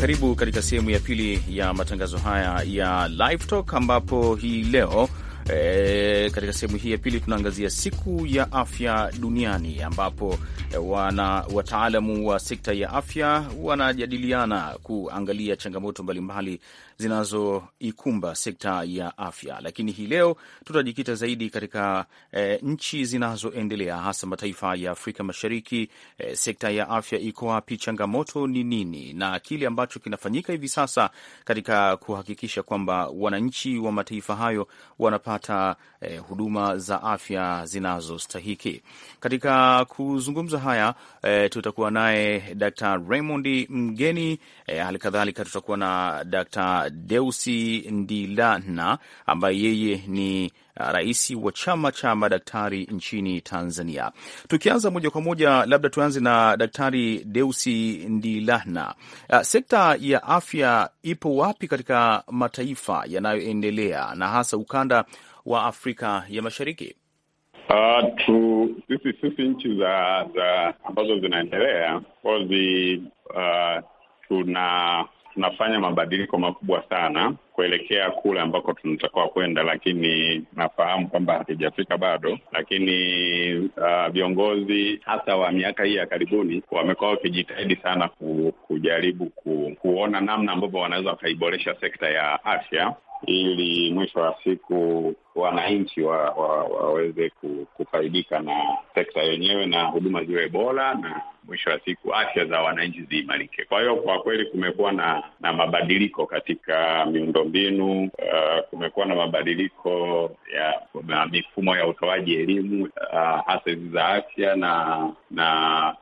Karibu katika sehemu ya pili ya matangazo haya ya Live Talk ambapo hii leo E, katika sehemu hii ya pili tunaangazia siku ya afya duniani ambapo wana wataalamu wa sekta ya afya wanajadiliana kuangalia changamoto mbalimbali zinazoikumba sekta ya afya, lakini hii leo tutajikita zaidi katika e, nchi zinazoendelea hasa mataifa ya Afrika Mashariki. E, sekta ya afya iko wapi? Changamoto ni nini, na kile ambacho kinafanyika hivi sasa katika kuhakikisha kwamba wananchi wa mataifa hayo wanapata e, huduma za afya zinazostahiki. Katika kuzungumza mazungumzo haya e, tutakuwa naye Dr. Raymond Mgeni e, eh, halikadhalika tutakuwa na Dr. Deusi Ndilana ambaye yeye ni ah, rais wa chama cha madaktari nchini Tanzania. Tukianza moja kwa moja, labda tuanze na Daktari Deusi Ndilana. Ah, sekta ya afya ipo wapi katika mataifa yanayoendelea na hasa ukanda wa Afrika ya Mashariki? Uh, tu sisi sisi nchi za za ambazo zinaendelea kozi uh, tuna tunafanya mabadiliko makubwa sana kuelekea kule ambako tunatakiwa kwenda, lakini nafahamu kwamba hatujafika bado. Lakini uh, viongozi hasa wa miaka hii ya karibuni wamekuwa wakijitahidi sana ku, kujaribu ku, kuona namna ambavyo wanaweza wakaiboresha sekta ya afya ili mwisho wa siku wananchi wa, wa, waweze kufaidika na sekta yenyewe na huduma ziwe bora na mwisho wa siku afya za wananchi ziimarike. Kwa hiyo kwa kweli kumekuwa na na mabadiliko katika miundo miundombinu. Uh, kumekuwa na mabadiliko ya na mifumo ya utoaji elimu uh, hasa hizi za afya na na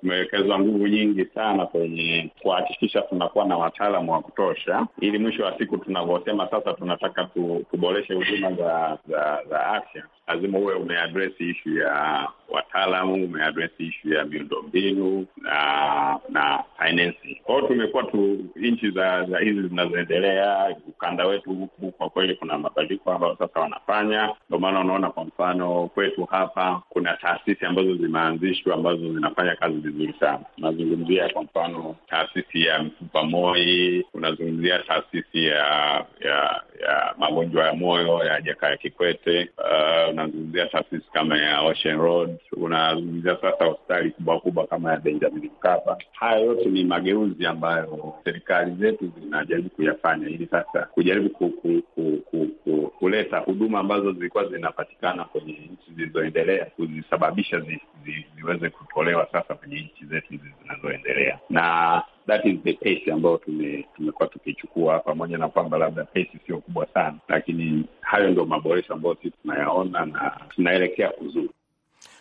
kumewekezwa nguvu nyingi sana kwenye kuhakikisha tunakuwa na wataalamu wa kutosha, ili mwisho wa siku tunavyosema sasa tunataka tu, tuboreshe huduma za za, za afya lazima uwe umeadresi ishu ya wataalamu, umeadresi ishu ya miundombinu na na financing. Kwa hiyo tumekuwa tu nchi za, za hizi zinazoendelea unaendelea. Ukanda wetu huku kwa kweli kuna mabadiliko ambayo sasa wanafanya. Ndio maana unaona kwa mfano kwetu hapa kuna taasisi ambazo zimeanzishwa ambazo zinafanya kazi vizuri sana. Unazungumzia kwa mfano taasisi ya mfupa MOI, unazungumzia taasisi ya ya ya magonjwa ya moyo ya Jakaya Kikwete, uh, unazungumzia taasisi kama ya Ocean Road, unazungumzia sasa hospitali kubwa kubwa kama ya Benjamin Mkapa. Haya yote ni mageuzi ambayo serikali zetu zinajaribu kuyafanya kufanya hivi sasa kujaribu ku, ku, ku, ku, ku, kuleta huduma ambazo zilikuwa zinapatikana kwenye nchi zilizoendelea kuzisababisha zi, zi, ziweze kutolewa sasa kwenye nchi zetu hizi zinazoendelea na that is the pace ambayo tume, tumekuwa tukichukua, pamoja na kwamba labda pace sio kubwa sana, lakini hayo ndio maboresho ambayo sisi tunayaona na tunaelekea kuzuri.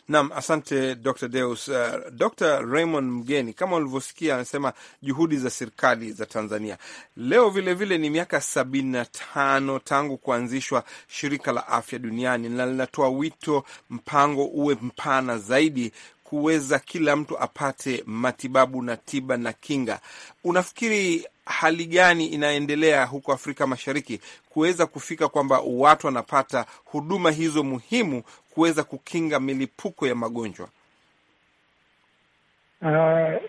Nam, asante Dr Deus. Uh, Dr Raymond Mgeni, kama ulivyosikia, anasema juhudi za serikali za Tanzania. Leo vilevile vile ni miaka sabini na tano tangu kuanzishwa shirika la afya duniani, na linatoa wito mpango uwe mpana zaidi kuweza kila mtu apate matibabu na tiba na kinga. Unafikiri hali gani inaendelea huko Afrika Mashariki kuweza kufika kwamba watu wanapata huduma hizo muhimu kuweza kukinga milipuko ya magonjwa? Uh,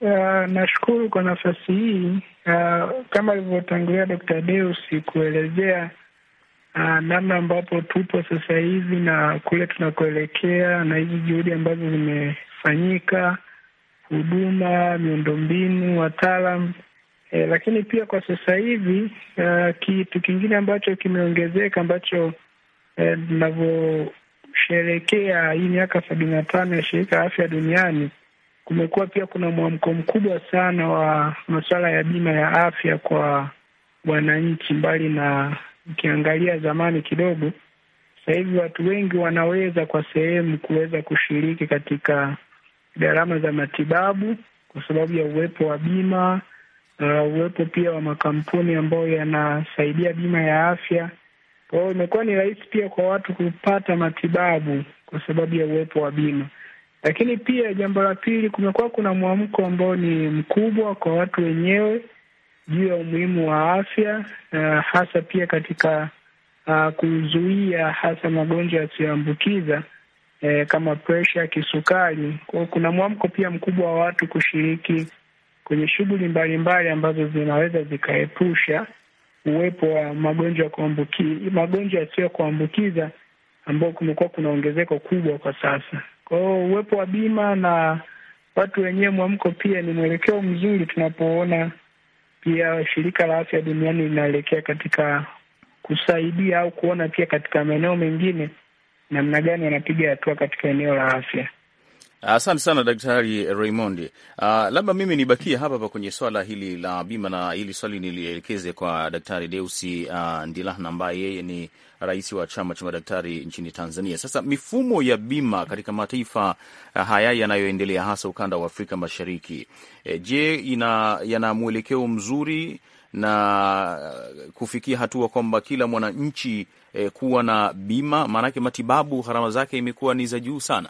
uh, nashukuru kwa nafasi hii uh, kama alivyotangulia Dr. Deus kuelezea Ah, namna ambapo tupo sasa hivi na kule tunakoelekea na hizi juhudi ambazo zimefanyika, huduma, miundombinu, wataalam e, lakini pia kwa sasa hivi uh, kitu kingine ambacho kimeongezeka ambacho eh, tunavyosherekea eh, hii miaka sabini na tano ya shirika la afya duniani kumekuwa pia kuna mwamko mkubwa sana wa masuala ya bima ya afya kwa wananchi, mbali na ukiangalia zamani kidogo, sasa hivi watu wengi wanaweza kwa sehemu kuweza kushiriki katika gharama za matibabu kwa sababu ya uwepo wa bima na uh, uwepo pia wa makampuni ambayo yanasaidia bima ya afya. Kwa hiyo imekuwa ni rahisi pia kwa watu kupata matibabu kwa sababu ya uwepo wa bima. Lakini pia jambo la pili, kumekuwa kuna mwamko ambao ni mkubwa kwa watu wenyewe juu ya umuhimu wa afya na hasa pia katika uh, kuzuia hasa magonjwa yasiyoambukiza eh, kama presha, kisukari. Kwa kuna mwamko pia mkubwa wa watu kushiriki kwenye shughuli mbalimbali ambazo zinaweza zikaepusha uwepo wa magonjwa magonjwa yasiyokuambukiza ambao kumekuwa kuna ongezeko kubwa kwa sasa. Kwa hiyo uwepo wa bima na watu wenyewe, mwamko pia ni mwelekeo mzuri tunapoona pia shirika la afya duniani linaelekea katika kusaidia au kuona pia katika maeneo mengine namna gani wanapiga hatua katika eneo la afya. Asante sana Daktari Raymond. Uh, labda mimi nibakie hapa hapa kwenye swala hili la bima na hili swali nilielekeze kwa Daktari Deusi uh, Ndilahna ambaye yeye ni rais wa chama cha madaktari nchini Tanzania. Sasa mifumo ya bima katika mataifa ah, haya yanayoendelea hasa ukanda wa Afrika Mashariki, e, je, ina, yana mwelekeo mzuri na kufikia hatua kwamba kila mwananchi e, kuwa na bima? Maanake matibabu gharama zake imekuwa ni za juu sana.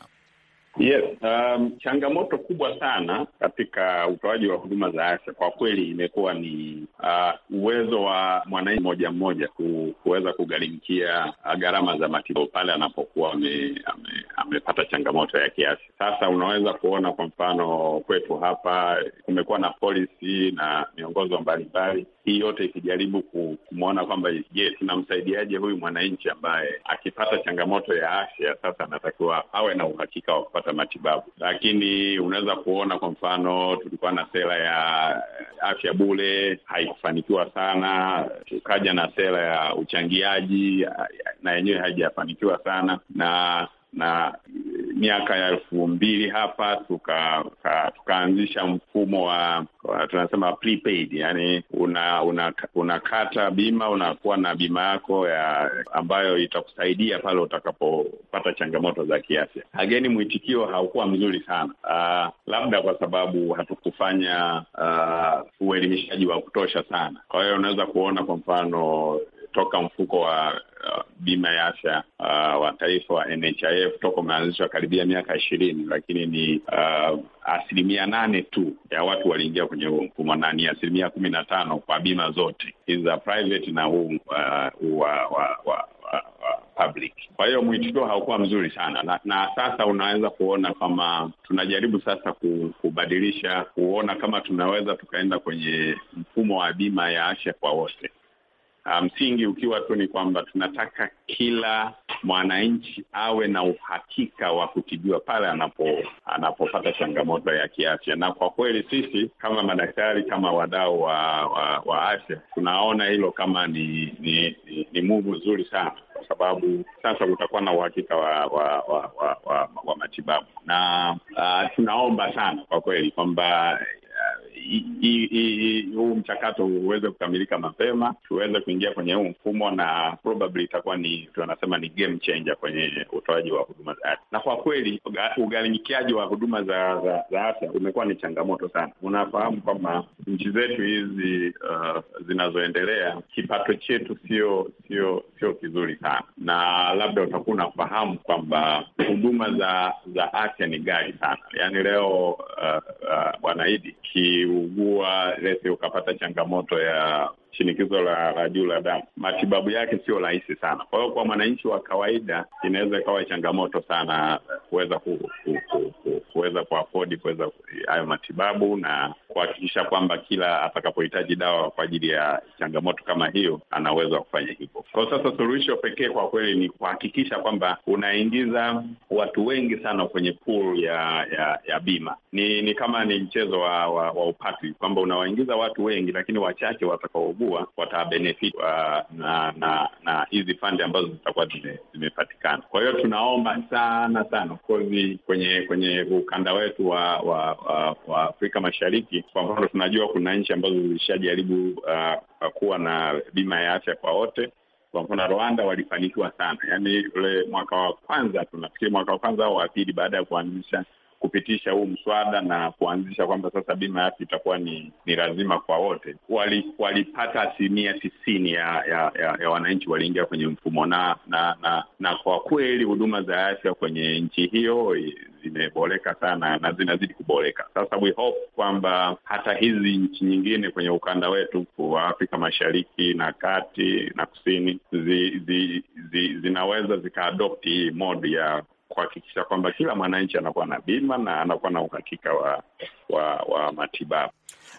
Yes, um, changamoto kubwa sana katika utoaji wa huduma za afya kwa kweli imekuwa ni uh, uwezo wa mwananchi mmoja mmoja ku, kuweza kugharimikia uh, gharama za matibabu pale anapokuwa ame, ame, amepata changamoto ya kiafya. Sasa unaweza kuona kwa mfano kwetu hapa kumekuwa na polisi na miongozo mbalimbali, hii yote ikijaribu kumwona kwamba je, tunamsaidiaje huyu mwananchi ambaye akipata changamoto ya afya sasa anatakiwa awe na uhakika wa kupata kupata matibabu. Lakini unaweza kuona kwa mfano, tulikuwa na sera ya afya bure, haikufanikiwa sana. Tukaja na sera ya uchangiaji, na yenyewe haijafanikiwa sana na na miaka ya elfu mbili hapa tukaanzisha tuka, mfumo wa, wa tunasema prepaid, yani una, una, unakata bima unakuwa na bima yako ya ambayo itakusaidia pale utakapopata changamoto za kiafya. Ageni, mwitikio haukuwa mzuri sana uh, labda kwa sababu hatukufanya ah, uelimishaji wa kutosha sana. Kwa hiyo unaweza kuona kwa mfano toka mfuko wa uh, bima ya afya uh, wa taifa wa NHIF toka umeanzishwa karibia miaka ishirini, lakini ni uh, asilimia nane tu ya watu waliingia kwenye huo mfumo na ni asilimia kumi na tano kwa bima zote hizi za private na huu uh, wa, wa, wa public. Kwa hiyo mwitikio haukuwa mzuri sana na, na sasa unaweza kuona kama tunajaribu sasa kubadilisha kuona kama tunaweza tukaenda kwenye mfumo wa bima ya afya kwa wote Ah, msingi um, ukiwa tu ni kwamba tunataka kila mwananchi awe na uhakika wa kutibiwa pale anapo anapopata changamoto ya kiafya, na kwa kweli sisi kama madaktari, kama wadau wa, wa, wa afya tunaona hilo kama ni ni, ni, ni muvu nzuri sana kwa sababu sasa kutakuwa na uhakika wa wa wa, wa, wa, wa matibabu na uh, tunaomba sana kwa kweli kwamba Uh, huu mchakato uweze kukamilika mapema, tuweze kuingia kwenye huu mfumo, na probably itakuwa ni tunasema ni game changer kwenye utoaji wa huduma za afya. Na kwa kweli ugharimikiaji wa huduma za, za, za afya umekuwa ni changamoto sana. Unafahamu kwamba nchi zetu hizi uh, zinazoendelea kipato chetu sio sio sio kizuri sana, na labda utakuwa unafahamu kwamba huduma za za afya ni ghali sana. Yaani leo bwana uh, uh, ukiugua lese ukapata changamoto ya shinikizo la, la juu la damu, matibabu yake sio rahisi sana. Kwa hiyo kwa mwananchi wa kawaida inaweza ikawa changamoto sana kuweza ku, ku, ku, ku, kuweza kuafodi kuweza hayo matibabu na kuhakikisha kwamba kila atakapohitaji dawa kwa ajili ya changamoto kama hiyo ana uwezo wa kufanya hivyo. Kwa sasa suluhisho pekee kwa kweli ni kuhakikisha kwamba unaingiza watu wengi sana kwenye pool ya ya, ya bima. Ni, ni kama ni mchezo wa, wa, wa upati kwamba unawaingiza watu wengi, lakini wachache watakaougua kuwa watabenefit uh, na na na hizi fund ambazo zitakuwa zimepatikana. Kwa hiyo tunaomba sana sana, of course, kwenye kwenye ukanda wetu wa wa, wa, wa Afrika Mashariki, kwa mfano tunajua kuna nchi ambazo zilishajaribu uh, kuwa na bima ya afya kwa wote kwa mfano Rwanda walifanikiwa sana, yaani ule mwaka wa kwanza, tunafikiri mwaka wa kwanza au wa pili baada ya kuanzisha kupitisha huu mswada na kuanzisha kwamba sasa bima ya afya itakuwa ni ni lazima kwa wote, walipata wali asilimia tisini ya, ya, ya, ya wananchi waliingia kwenye mfumo na na na, na kwa kweli huduma za afya kwenye nchi hiyo zimeboreka sana na zinazidi kuboreka. Sasa we hope kwamba hata hizi nchi nyingine kwenye ukanda wetu wa Afrika Mashariki na kati na kusini zi, zi, zi, zinaweza zikaadopti hii modi ya kuhakikisha kwamba kila mwananchi anakuwa na bima na anakuwa na uhakika wa, wa, wa matibabu.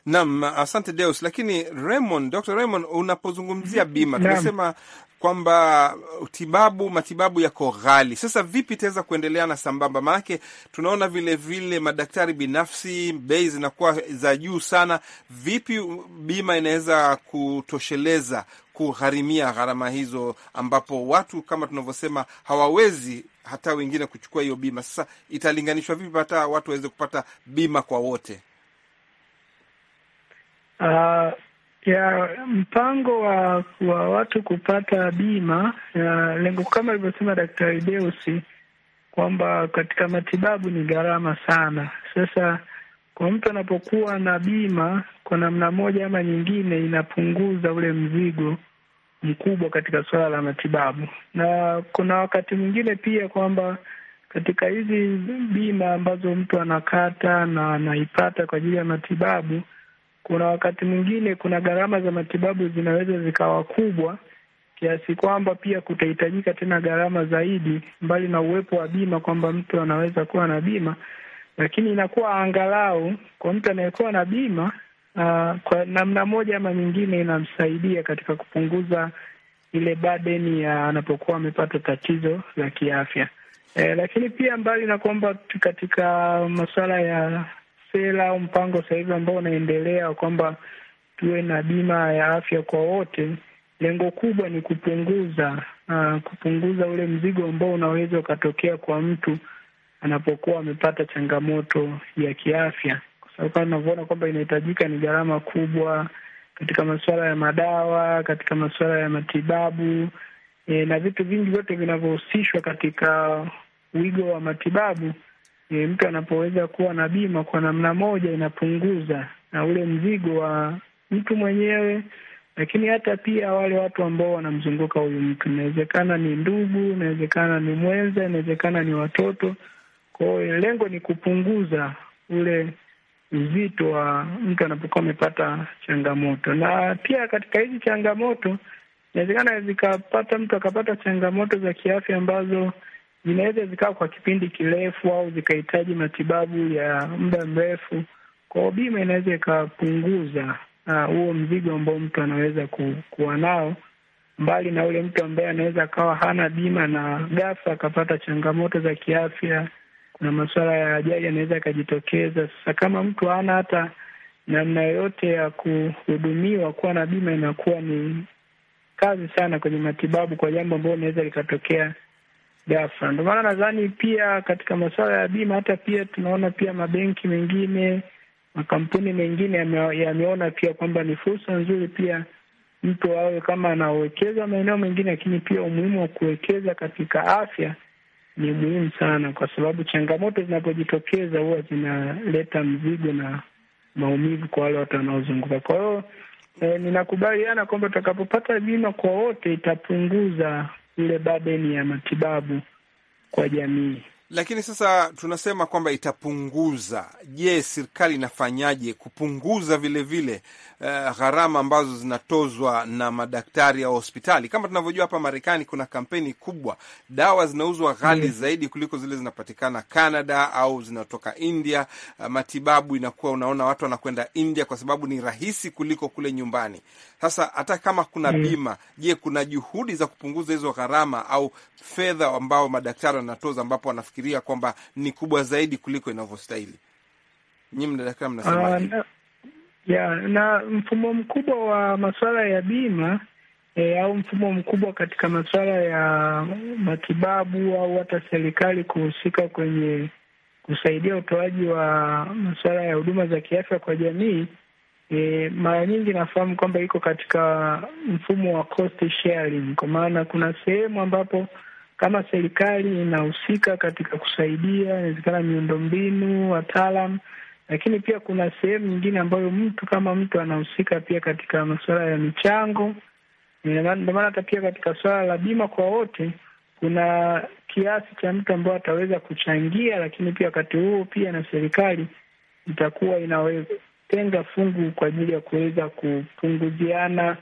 Naam, asante Deus. Lakini Raymond, Dr. Raymond, unapozungumzia bima tunasema kwamba tibabu matibabu yako ghali. Sasa vipi itaweza na sambamba? Maanake tunaona vilevile vile madaktari binafsi bei zinakuwa za juu sana. Vipi bima inaweza kutosheleza kugharimia gharama hizo, ambapo watu kama tunavyosema hawawezi hata wengine kuchukua hiyo bima. Sasa italinganishwa vipi hata watu waweze kupata bima kwa wote? Uh, ya mpango wa, wa watu kupata bima ya, lengo kama alivyosema Daktari Deusi kwamba katika matibabu ni gharama sana. Sasa kwa mtu anapokuwa na bima, kwa namna moja ama nyingine, inapunguza ule mzigo mkubwa katika suala la matibabu, na kuna wakati mwingine pia kwamba katika hizi bima ambazo mtu anakata na anaipata kwa ajili ya matibabu, kuna wakati mwingine kuna gharama za matibabu zinaweza zikawa kubwa kiasi kwamba pia kutahitajika tena gharama zaidi, mbali na uwepo wa bima kwamba mtu anaweza kuwa na bima, lakini inakuwa angalau kwa mtu anayekuwa na bima uh, kwa namna moja ama nyingine inamsaidia katika kupunguza ile badeni ya anapokuwa amepata tatizo la kiafya. E, lakini pia mbali na kwamba katika masuala ya sera au mpango sasa hivi ambao unaendelea kwamba tuwe na bima ya afya kwa wote, lengo kubwa ni kupunguza uh, kupunguza ule mzigo ambao unaweza ukatokea kwa mtu anapokuwa amepata changamoto ya kiafya kama tunavyoona kwamba inahitajika ni gharama kubwa katika masuala ya madawa, katika masuala ya matibabu e, na vitu vingi vyote vinavyohusishwa katika wigo wa matibabu e, mtu anapoweza kuwa na bima kwa namna moja inapunguza na ule mzigo wa mtu mwenyewe, lakini hata pia wale watu ambao wanamzunguka huyu mtu, inawezekana ni ndugu, inawezekana ni mwenza, inawezekana ni watoto. Kwa hiyo lengo ni kupunguza ule uzito wa mtu anapokuwa amepata changamoto. Na pia katika hizi changamoto inawezekana zikapata mtu akapata changamoto za kiafya ambazo zinaweza zikawa kwa kipindi kirefu au zikahitaji matibabu ya muda mrefu. Kwa bima inaweza ikapunguza ah, huo uh, mzigo ambao mtu anaweza ku, kuwa nao, mbali na ule mtu ambaye anaweza akawa hana bima na ghafla akapata changamoto za kiafya na masuala ya ajali yanaweza yakajitokeza. Sasa kama mtu hana hata namna yoyote ya kuhudumiwa, kuwa na bima inakuwa ni kazi sana kwenye matibabu kwa jambo ambalo linaweza likatokea ghafla. Ndio maana nadhani pia katika masuala ya bima, hata pia tunaona pia mabenki mengine, makampuni mengine yameona pia kwamba ni fursa nzuri pia mtu awe kama anawekeza maeneo mengine, lakini pia umuhimu wa kuwekeza katika afya ni muhimu sana, kwa sababu changamoto zinapojitokeza huwa zinaleta mzigo na maumivu kwa wale watu wanaozunguka. Kwa hiyo eh, ninakubaliana kwamba tutakapopata bima kwa wote itapunguza ile badeni ya matibabu kwa jamii. Lakini sasa tunasema kwamba itapunguza. Je, serikali inafanyaje kupunguza vilevile vile, uh, gharama ambazo zinatozwa na madaktari au hospitali? Kama tunavyojua hapa Marekani kuna kampeni kubwa, dawa zinauzwa ghali mm, zaidi kuliko zile zinapatikana Canada au zinatoka India. Uh, matibabu inakuwa unaona watu wanakwenda India kwa sababu ni rahisi kuliko kule nyumbani. Sasa hata kama kuna mm. bima, je, kuna juhudi za kupunguza hizo gharama au fedha ambao madaktari wanatoza, ambapo wanafikiria kwamba ni kubwa zaidi kuliko inavyostahili? Nyinyi madaktari mnasema Uh, ah, ya na mfumo mkubwa wa masuala ya bima E, au mfumo mkubwa katika masuala ya matibabu au hata serikali kuhusika kwenye kusaidia utoaji wa masuala ya huduma za kiafya kwa jamii E, mara nyingi nafahamu kwamba iko katika mfumo wa cost sharing, kwa maana kuna sehemu ambapo kama serikali inahusika katika kusaidia, inawezekana miundombinu, wataalam, lakini pia kuna sehemu nyingine ambayo mtu kama mtu anahusika pia katika masuala ya michango. E, ndio maana hata pia katika suala la bima kwa wote kuna kiasi cha mtu ambayo ataweza kuchangia, lakini pia wakati huo pia na serikali itakuwa inaweza kutenga fungu kwa ajili ya kuweza kupunguziana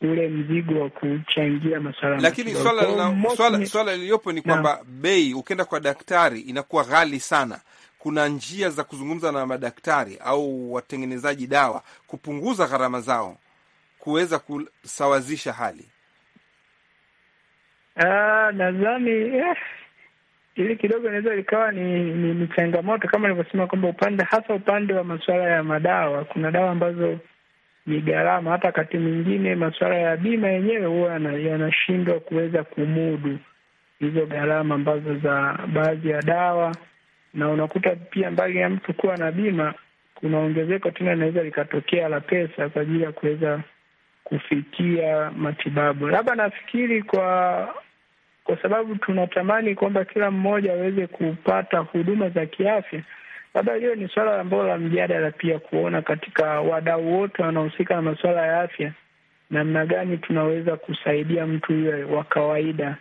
ule mzigo wa kuchangia masuala. Lakini swala liliyopo swala, swala ni kwamba bei, ukienda kwa daktari inakuwa ghali sana. Kuna njia za kuzungumza na madaktari au watengenezaji dawa kupunguza gharama zao, kuweza kusawazisha hali. Ah, nadhani eh, hili kidogo inaweza likawa ni, ni, ni changamoto kama nilivyosema kwamba upande hasa upande wa masuala ya madawa, kuna dawa ambazo ni gharama. Hata wakati mwingine masuala ya bima yenyewe huwa yanashindwa kuweza kumudu hizo gharama ambazo za baadhi ya dawa, na unakuta pia mbali ya mtu kuwa na bima, kuna ongezeko tena linaweza likatokea la pesa kwa ajili ya kuweza kufikia matibabu. Labda nafikiri kwa kwa sababu tunatamani kwamba kila mmoja aweze kupata huduma za kiafya. Labda hiyo ni swala ambalo la mjadala pia, kuona katika wadau wote wanaohusika na masuala ya afya, namna gani tunaweza kusaidia mtu huyo wa kawaida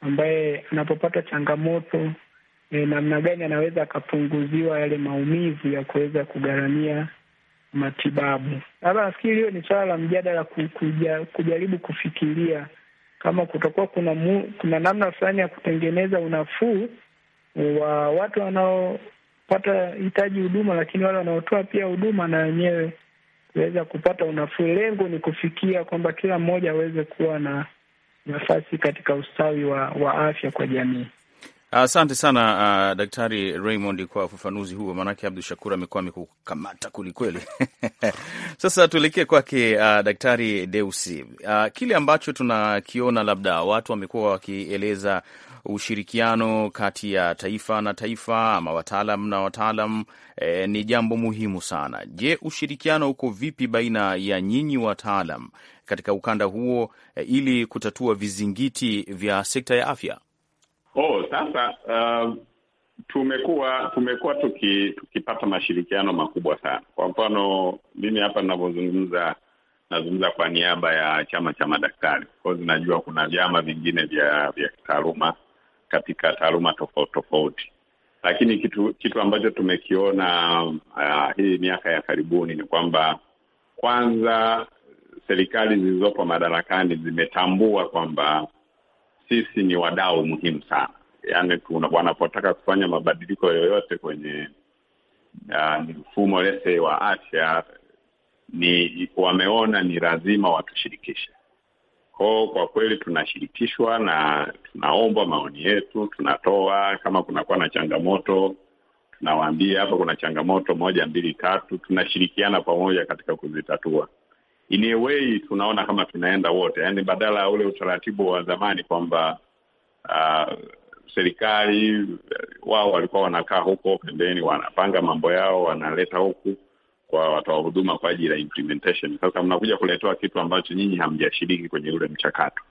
ambaye anapopata changamoto e, namna gani anaweza akapunguziwa yale maumivu ya kuweza kugharamia matibabu. Labda nafikiri hiyo ni swala la mjadala kuja, kujaribu kufikiria kama kutakuwa kuna mu, kuna namna fulani ya kutengeneza unafuu eh, wa watu wanaopata hitaji huduma, lakini wale wanaotoa pia huduma na wenyewe kuweza kupata unafuu. Lengo ni kufikia kwamba kila mmoja aweze kuwa na nafasi katika ustawi wa, wa afya kwa jamii. Asante sana uh, Daktari Raymond kwa ufafanuzi huo, maanake Abdu Shakur amekuwa amekukamata kwelikweli. Sasa tuelekee kwake uh, Daktari Deusi. Uh, kile ambacho tunakiona labda watu wamekuwa wakieleza ushirikiano kati ya taifa na taifa ama wataalam na wataalam e, ni jambo muhimu sana. Je, ushirikiano uko vipi baina ya nyinyi wataalam katika ukanda huo e, ili kutatua vizingiti vya sekta ya afya? Oh, sasa uh, tumekuwa tumekuwa tuki, tukipata mashirikiano makubwa sana. Kwa mfano mimi hapa ninavyozungumza nazungumza kwa niaba ya chama cha madaktari. Kwa hiyo najua kuna vyama vingine vya vya kitaaluma katika taaluma tofauti tofauti, lakini kitu kitu ambacho tumekiona uh, hii miaka ya karibuni ni kwamba kwanza serikali zilizopo madarakani zimetambua kwamba sisi ni wadau muhimu sana, yaani wanapotaka kufanya mabadiliko yoyote kwenye uh, mfumo lese wa afya ni wameona ni lazima watushirikishe koo Kwa kweli tunashirikishwa na tunaomba maoni yetu, tunatoa kama kunakuwa na changamoto tunawaambia hapa kuna changamoto moja mbili tatu, tunashirikiana pamoja katika kuzitatua in a way tunaona kama tunaenda wote, yaani badala ya ule utaratibu wa zamani kwamba uh, serikali uh, wao walikuwa wanakaa huko pembeni, wanapanga mambo yao, wanaleta huku kwa watoa huduma kwa ajili ya implementation. Sasa mnakuja kuletewa kitu ambacho nyinyi hamjashiriki kwenye ule mchakato.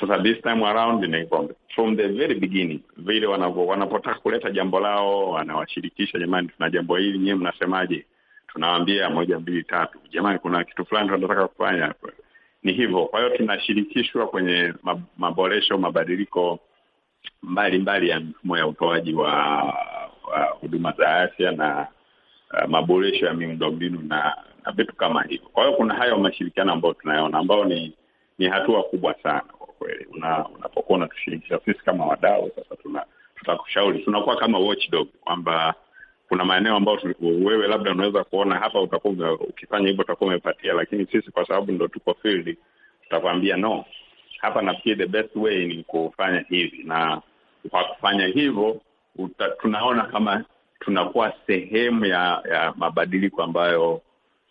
Sasa this time around ni kwamba from the very beginning, vile wanapotaka kuleta jambo lao, wanawashirikisha, jamani, tuna jambo hili, nyie mnasemaje? tunawambia moja mbili tatu, jamani, kuna kitu fulani tunataka kufanya. Ni hivyo. Kwa hiyo tunashirikishwa kwenye maboresho, mabadiliko mbalimbali mbali ya mifumo ya utoaji wa huduma za afya na uh, maboresho ya miundombinu na na vitu kama hivyo. Kwa hiyo kuna hayo mashirikiano ambayo tunayaona ambayo ni ni hatua kubwa sana kwa kweli. Unapokuwa una unatushirikisha sisi kama wadau, sasa tuna tutakushauri, tunakuwa kama watchdog kwamba kuna maeneo ambayo wewe labda unaweza kuona hapa, utakuwa ukifanya hivyo utakuwa umepatia, lakini sisi kwa sababu ndo tuko field tutakwambia no, hapa nafikiri the best way ni kufanya hivi, na kwa kufanya hivyo uta, tunaona kama tunakuwa sehemu ya, ya mabadiliko ambayo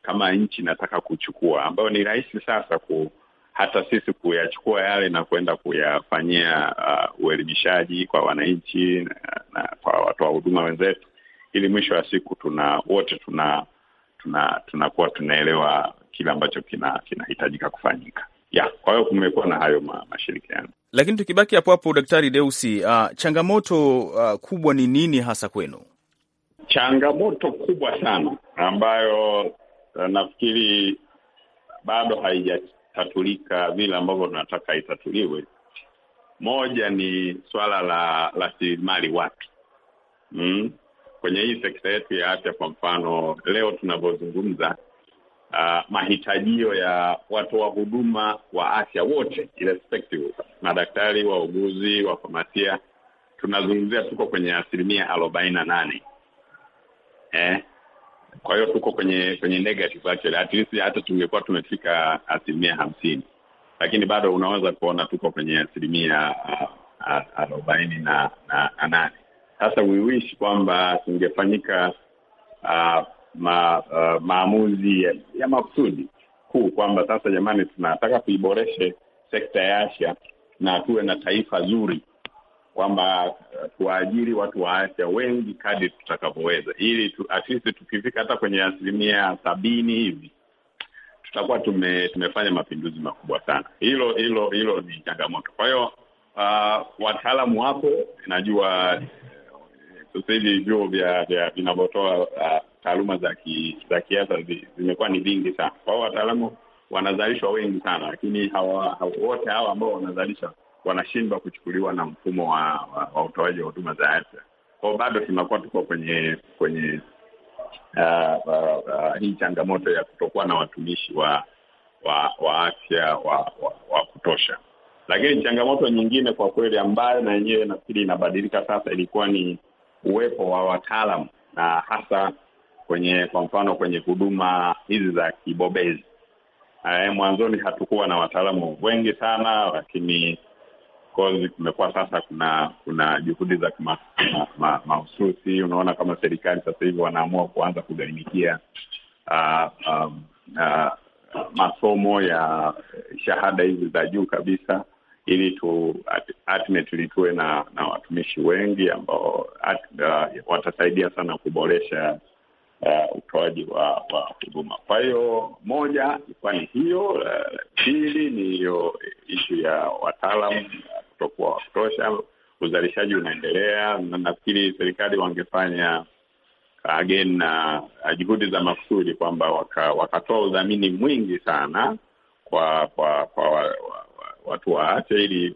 kama nchi inataka kuchukua, ambayo ni rahisi sasa ku hata sisi kuyachukua yale na kuenda kuyafanyia uh, uelimishaji uh, kwa wananchi na, na kwa watoa huduma wenzetu ili mwisho wa siku tuna wote tuna tuna tunakuwa tunaelewa kile ambacho kinahitajika kina kufanyika. Ya, kwa hiyo kumekuwa na hayo ma, mashirikiano. Lakini tukibaki hapo hapo, Daktari Deusi, uh, changamoto uh, kubwa ni nini hasa kwenu? Changamoto kubwa sana ambayo uh, nafikiri bado haijatatulika vile ambavyo tunataka itatuliwe. Moja ni swala la rasilimali watu mm kwenye hii sekta yetu ya afya, kwa mfano leo tunavyozungumza, uh, mahitajio ya watoa huduma wa afya wote irrespective, madaktari, wauguzi, wafamasia, tunazungumzia tuko kwenye asilimia arobaini na nane eh? Kwa hiyo tuko kwenye kwenye negative actually, at least hata tungekuwa tumefika asilimia hamsini, lakini bado unaweza kuona tuko kwenye asilimia uh, uh, arobaini na nane sasa we wish kwamba singefanyika uh, ma, uh, maamuzi ya, ya makusudi kuu kwamba sasa jamani, tunataka kuiboreshe sekta ya afya na tuwe na taifa zuri, kwamba tuwaajiri ah, watu wa afya wengi kadi tutakavyoweza, ili tu, at least tukifika hata kwenye asilimia sabini hivi tutakuwa tume, tumefanya mapinduzi makubwa sana. Hilo hilo hilo ni changamoto. Kwa hiyo uh, wataalamu wapo, najua sasa hivi vyuo vya vinavyotoa uh, taaluma za za kiafya zimekuwa ni vingi sana. Kwa hiyo wataalamu wanazalishwa wengi sana, lakini hawa wote hawa ambao wanazalisha wanashindwa kuchukuliwa na mfumo wa, wa, wa utoaji wa huduma za afya. kwao. bado tunakuwa tuko kwenye kwenye uh, uh, uh, hii changamoto ya kutokuwa na watumishi wa wa wa afya wa, wa, wa kutosha. Lakini changamoto nyingine kwa kweli ambayo na yenyewe nafikiri inabadilika sasa ilikuwa ni uwepo wa wataalamu na hasa kwenye kwa mfano kwenye huduma hizi za kibobezi. E, mwanzoni hatukuwa na wataalamu wengi sana, lakini kozi kumekuwa sasa, kuna kuna juhudi za mahususi ma, ma, mahususi. Unaona kama serikali sasa hivi wanaamua kuanza kugharimikia uh, ah, um, uh, ah, ah, masomo ya shahada hizi za juu kabisa ili tu ultimately tuwe na na watumishi wengi ambao uh, watasaidia sana kuboresha uh, utoaji wa wa huduma. Kwa hiyo moja ilikuwa ni hiyo, uh, pili uh, ni hiyo ishu ya wataalam uh, kutokuwa wa kutosha. Uzalishaji unaendelea na nafikiri serikali wangefanya uh, again na uh, juhudi za makusudi kwamba wakatoa waka udhamini mwingi sana kwa kwa kwa wa, wa, watu waache ili eh,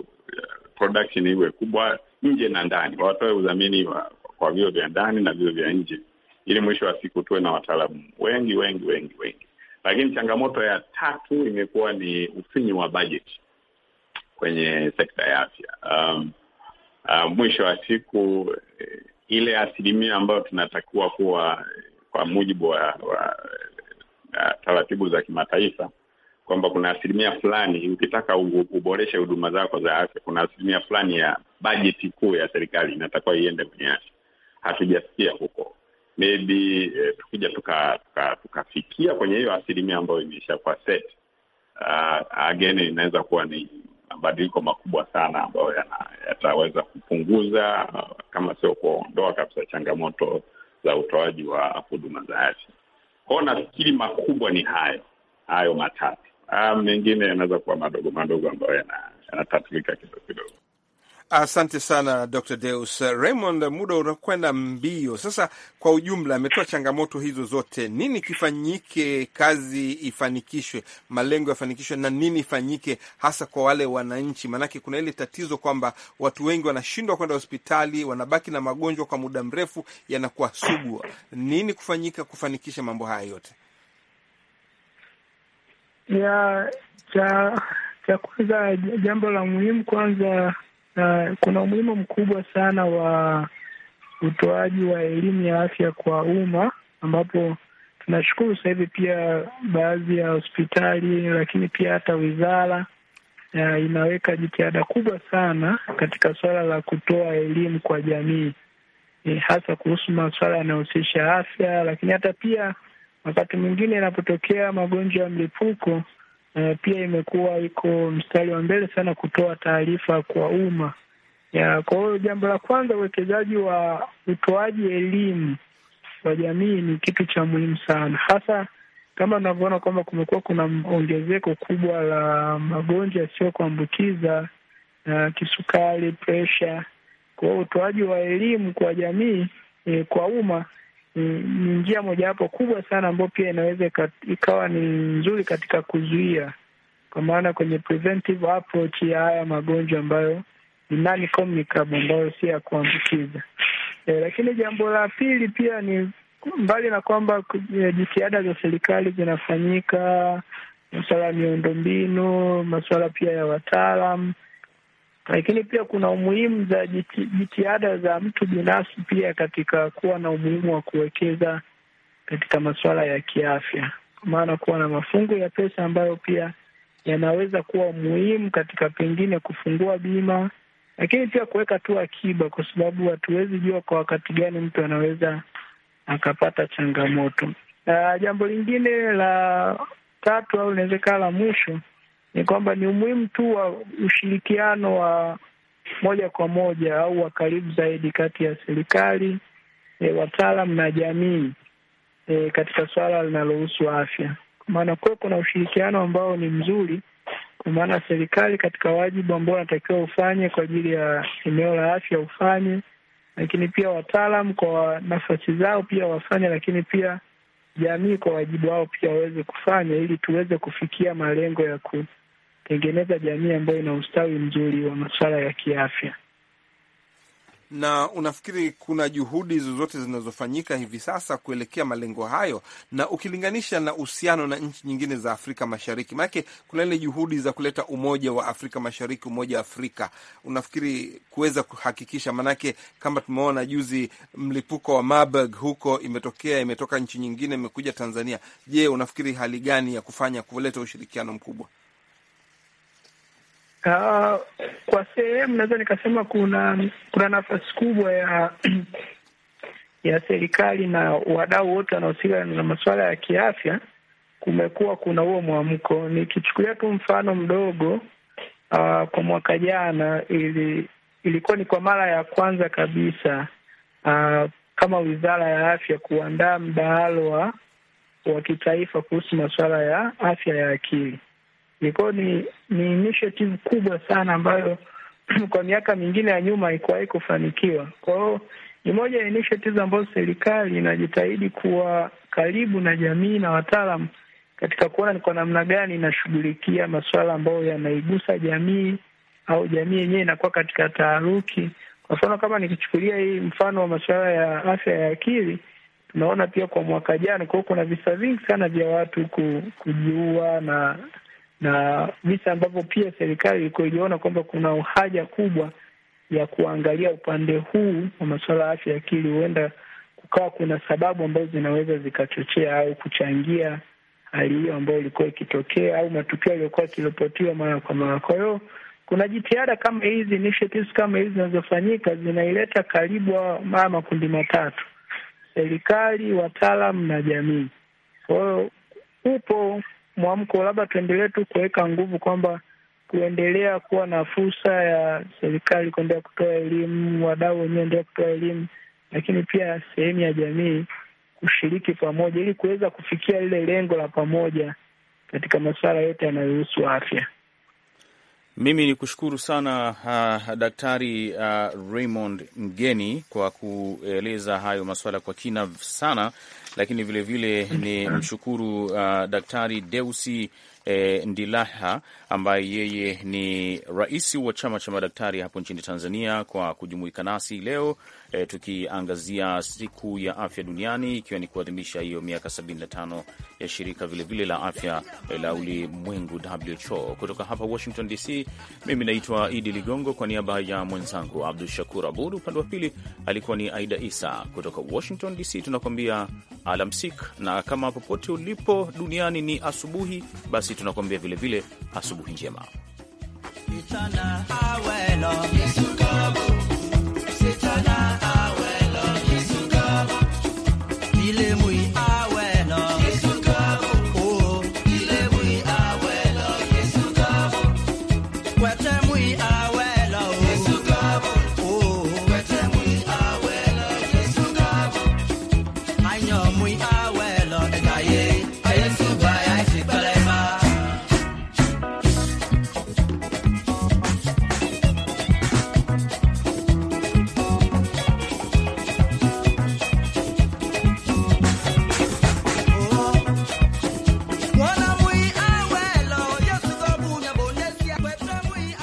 production iwe kubwa nje na ndani, watoe udhamini wa, kwa vio vya ndani na vio vya nje, ili mwisho wa siku tuwe na wataalamu wengi wengi wengi wengi. Lakini changamoto ya tatu imekuwa ni ufinyi wa bajeti kwenye sekta ya afya. Um, uh, mwisho wa siku eh, ile asilimia ambayo tunatakiwa kuwa eh, kwa mujibu wa, wa uh, taratibu za kimataifa kwamba kuna asilimia fulani, ukitaka uboreshe huduma zako za afya, kuna asilimia fulani ya bajeti kuu ya serikali inatakiwa iende kwenye afya. Hatujasikia huko maybe eh, tukija tukafikia tuka, tuka kwenye hiyo asilimia ambayo imeshakuwa set uh, again inaweza kuwa ni mabadiliko makubwa sana ambayo yataweza kupunguza uh, kama sio kuondoa kabisa changamoto za utoaji wa huduma za afya kwao. Nafikiri makubwa ni hayo hayo matatu. Ah, mengine yanaweza kuwa madogo madogo ambayo yanatatulika kidogo kidogo. Asante sana Dr Deus Raymond, muda unakwenda mbio. Sasa kwa ujumla, ametoa changamoto hizo zote, nini kifanyike, kazi ifanikishwe, malengo yafanikishwe, na nini ifanyike hasa kwa wale wananchi? Maanake kuna ile tatizo kwamba watu wengi wanashindwa kwenda hospitali, wanabaki na magonjwa kwa muda mrefu, yanakuwa sugu. Nini kufanyika kufanikisha mambo haya yote? ya cha cha kwanza, jambo la muhimu kwanza, uh, kuna umuhimu mkubwa sana wa utoaji wa elimu ya afya kwa umma, ambapo tunashukuru sasa hivi pia baadhi ya hospitali, lakini pia hata wizara uh, inaweka jitihada kubwa sana katika suala la kutoa elimu kwa jamii e, hasa kuhusu masuala yanayohusisha afya, lakini hata pia Wakati mwingine inapotokea magonjwa ya mlipuko eh, pia imekuwa iko mstari wa mbele sana kutoa taarifa kwa umma. Kwa hiyo jambo la kwanza, uwekezaji wa utoaji elimu wa jamii ni kitu cha muhimu sana, hasa kama unavyoona kwamba kumekuwa kuna ongezeko kubwa la magonjwa yasiyokuambukiza na kisukari, presha. Kwa hiyo utoaji wa elimu kwa jamii eh, kwa umma ni njia mojawapo kubwa sana ambayo pia inaweza ikawa ni nzuri katika kuzuia, kwa maana kwenye preventive approach ya haya magonjwa ambayo ni non communicable, ambayo si ya kuambukiza. E, lakini jambo la pili pia ni mbali na kwamba e, jitihada za serikali zinafanyika, masuala ya miundombinu, masuala pia ya wataalam lakini pia kuna umuhimu za jitihada za mtu binafsi pia katika kuwa na umuhimu wa kuwekeza katika masuala ya kiafya, kwa maana kuwa na mafungu ya pesa ambayo pia yanaweza kuwa muhimu katika pengine kufungua bima, lakini pia kuweka tu akiba, kwa sababu hatuwezi jua kwa wakati gani mtu anaweza akapata changamoto. Na ah, jambo lingine la tatu au linawezekana la mwisho ni kwamba ni umuhimu tu wa ushirikiano wa moja kwa moja au wa karibu zaidi kati ya serikali e, wataalam na jamii e, katika suala linalohusu afya, kwa maana kuwe kuna ushirikiano ambao ni mzuri, kwa maana serikali katika wajibu ambao wanatakiwa ufanye kwa ajili ya eneo la afya ufanye, lakini pia wataalam kwa nafasi zao pia wafanye, lakini pia jamii kwa wajibu wao pia waweze kufanya, ili tuweze kufikia malengo ya ku tengeneza jamii ambayo ina ustawi mzuri wa masuala ya kiafya. Na unafikiri kuna juhudi zozote zinazofanyika hivi sasa kuelekea malengo hayo, na ukilinganisha na uhusiano na nchi nyingine za Afrika Mashariki? Maanake kuna ile juhudi za kuleta umoja wa Afrika Mashariki, umoja wa Afrika, unafikiri kuweza kuhakikisha? Maanake kama tumeona juzi mlipuko wa Marburg huko imetokea, imetoka nchi nyingine, imekuja Tanzania. Je, unafikiri hali gani ya kufanya kuleta ushirikiano mkubwa? Uh, kwa sehemu naweza nikasema kuna kuna nafasi kubwa ya ya serikali na wadau wote wanaohusika na masuala ya kiafya. Kumekuwa kuna huo mwamko. Nikichukulia tu mfano mdogo, uh, kwa mwaka jana ili, ilikuwa ni kwa mara ya kwanza kabisa uh, kama Wizara ya Afya kuandaa mdahalo wa kitaifa kuhusu masuala ya afya ya akili ilikuwa ni, ni initiative kubwa sana ambayo kwa miaka mingine ya nyuma haikuwahi kufanikiwa. Kwa hiyo ni moja ya initiatives ambazo serikali inajitahidi kuwa karibu na jamii na wataalam katika kuona ni kwa namna gani inashughulikia masuala ambayo yanaigusa jamii au jamii yenyewe inakuwa katika taharuki. Kwa mfano kama nikichukulia hii mfano wa masuala ya afya ya akili, tunaona pia kwa mwaka jana, kwa hiyo kuna visa vingi sana vya watu kujiua na na visa ambavyo pia serikali ilikuwa iliona kwamba kuna haja kubwa ya kuangalia upande huu wa masuala ya afya ya akili, huenda kukawa kuna sababu ambazo zinaweza zikachochea au kuchangia hali hiyo ambayo ilikuwa ikitokea au matukio yaliyokuwa yakiripotiwa mara kwa mara. Kwa hiyo kuna jitihada kama hizi, initiatives kama hizi zinazofanyika zinaileta karibu haya makundi matatu: serikali, wataalam na jamii. Kwa hiyo upo mwamko, labda tuendelee tu kuweka nguvu kwamba kuendelea kuwa na fursa ya serikali kuendelea kutoa elimu, wadau wenyewe endelea kutoa elimu, lakini pia sehemu ya jamii kushiriki pamoja, ili kuweza kufikia lile lengo la pamoja katika masuala yote yanayohusu afya. Mimi ni kushukuru sana uh, Daktari uh, Raymond Mgeni kwa kueleza hayo masuala kwa kina sana, lakini vilevile vile ni mshukuru uh, Daktari Deusi eh, Ndilaha ambaye yeye ni rais wa chama cha madaktari hapo nchini Tanzania kwa kujumuika nasi leo e, tukiangazia siku ya afya duniani ikiwa ni kuadhimisha hiyo miaka 75 ya shirika vilevile vile la afya la ulimwengu WHO. Kutoka hapa Washington DC, mimi naitwa Idi Ligongo kwa niaba ya mwenzangu Abdu Shakur Abud, upande wa pili alikuwa ni Aida Isa. Kutoka Washington DC tunakuambia alamsik, na kama popote ulipo duniani ni asubuhi, basi tunakuambia vilevile asubuhi njema.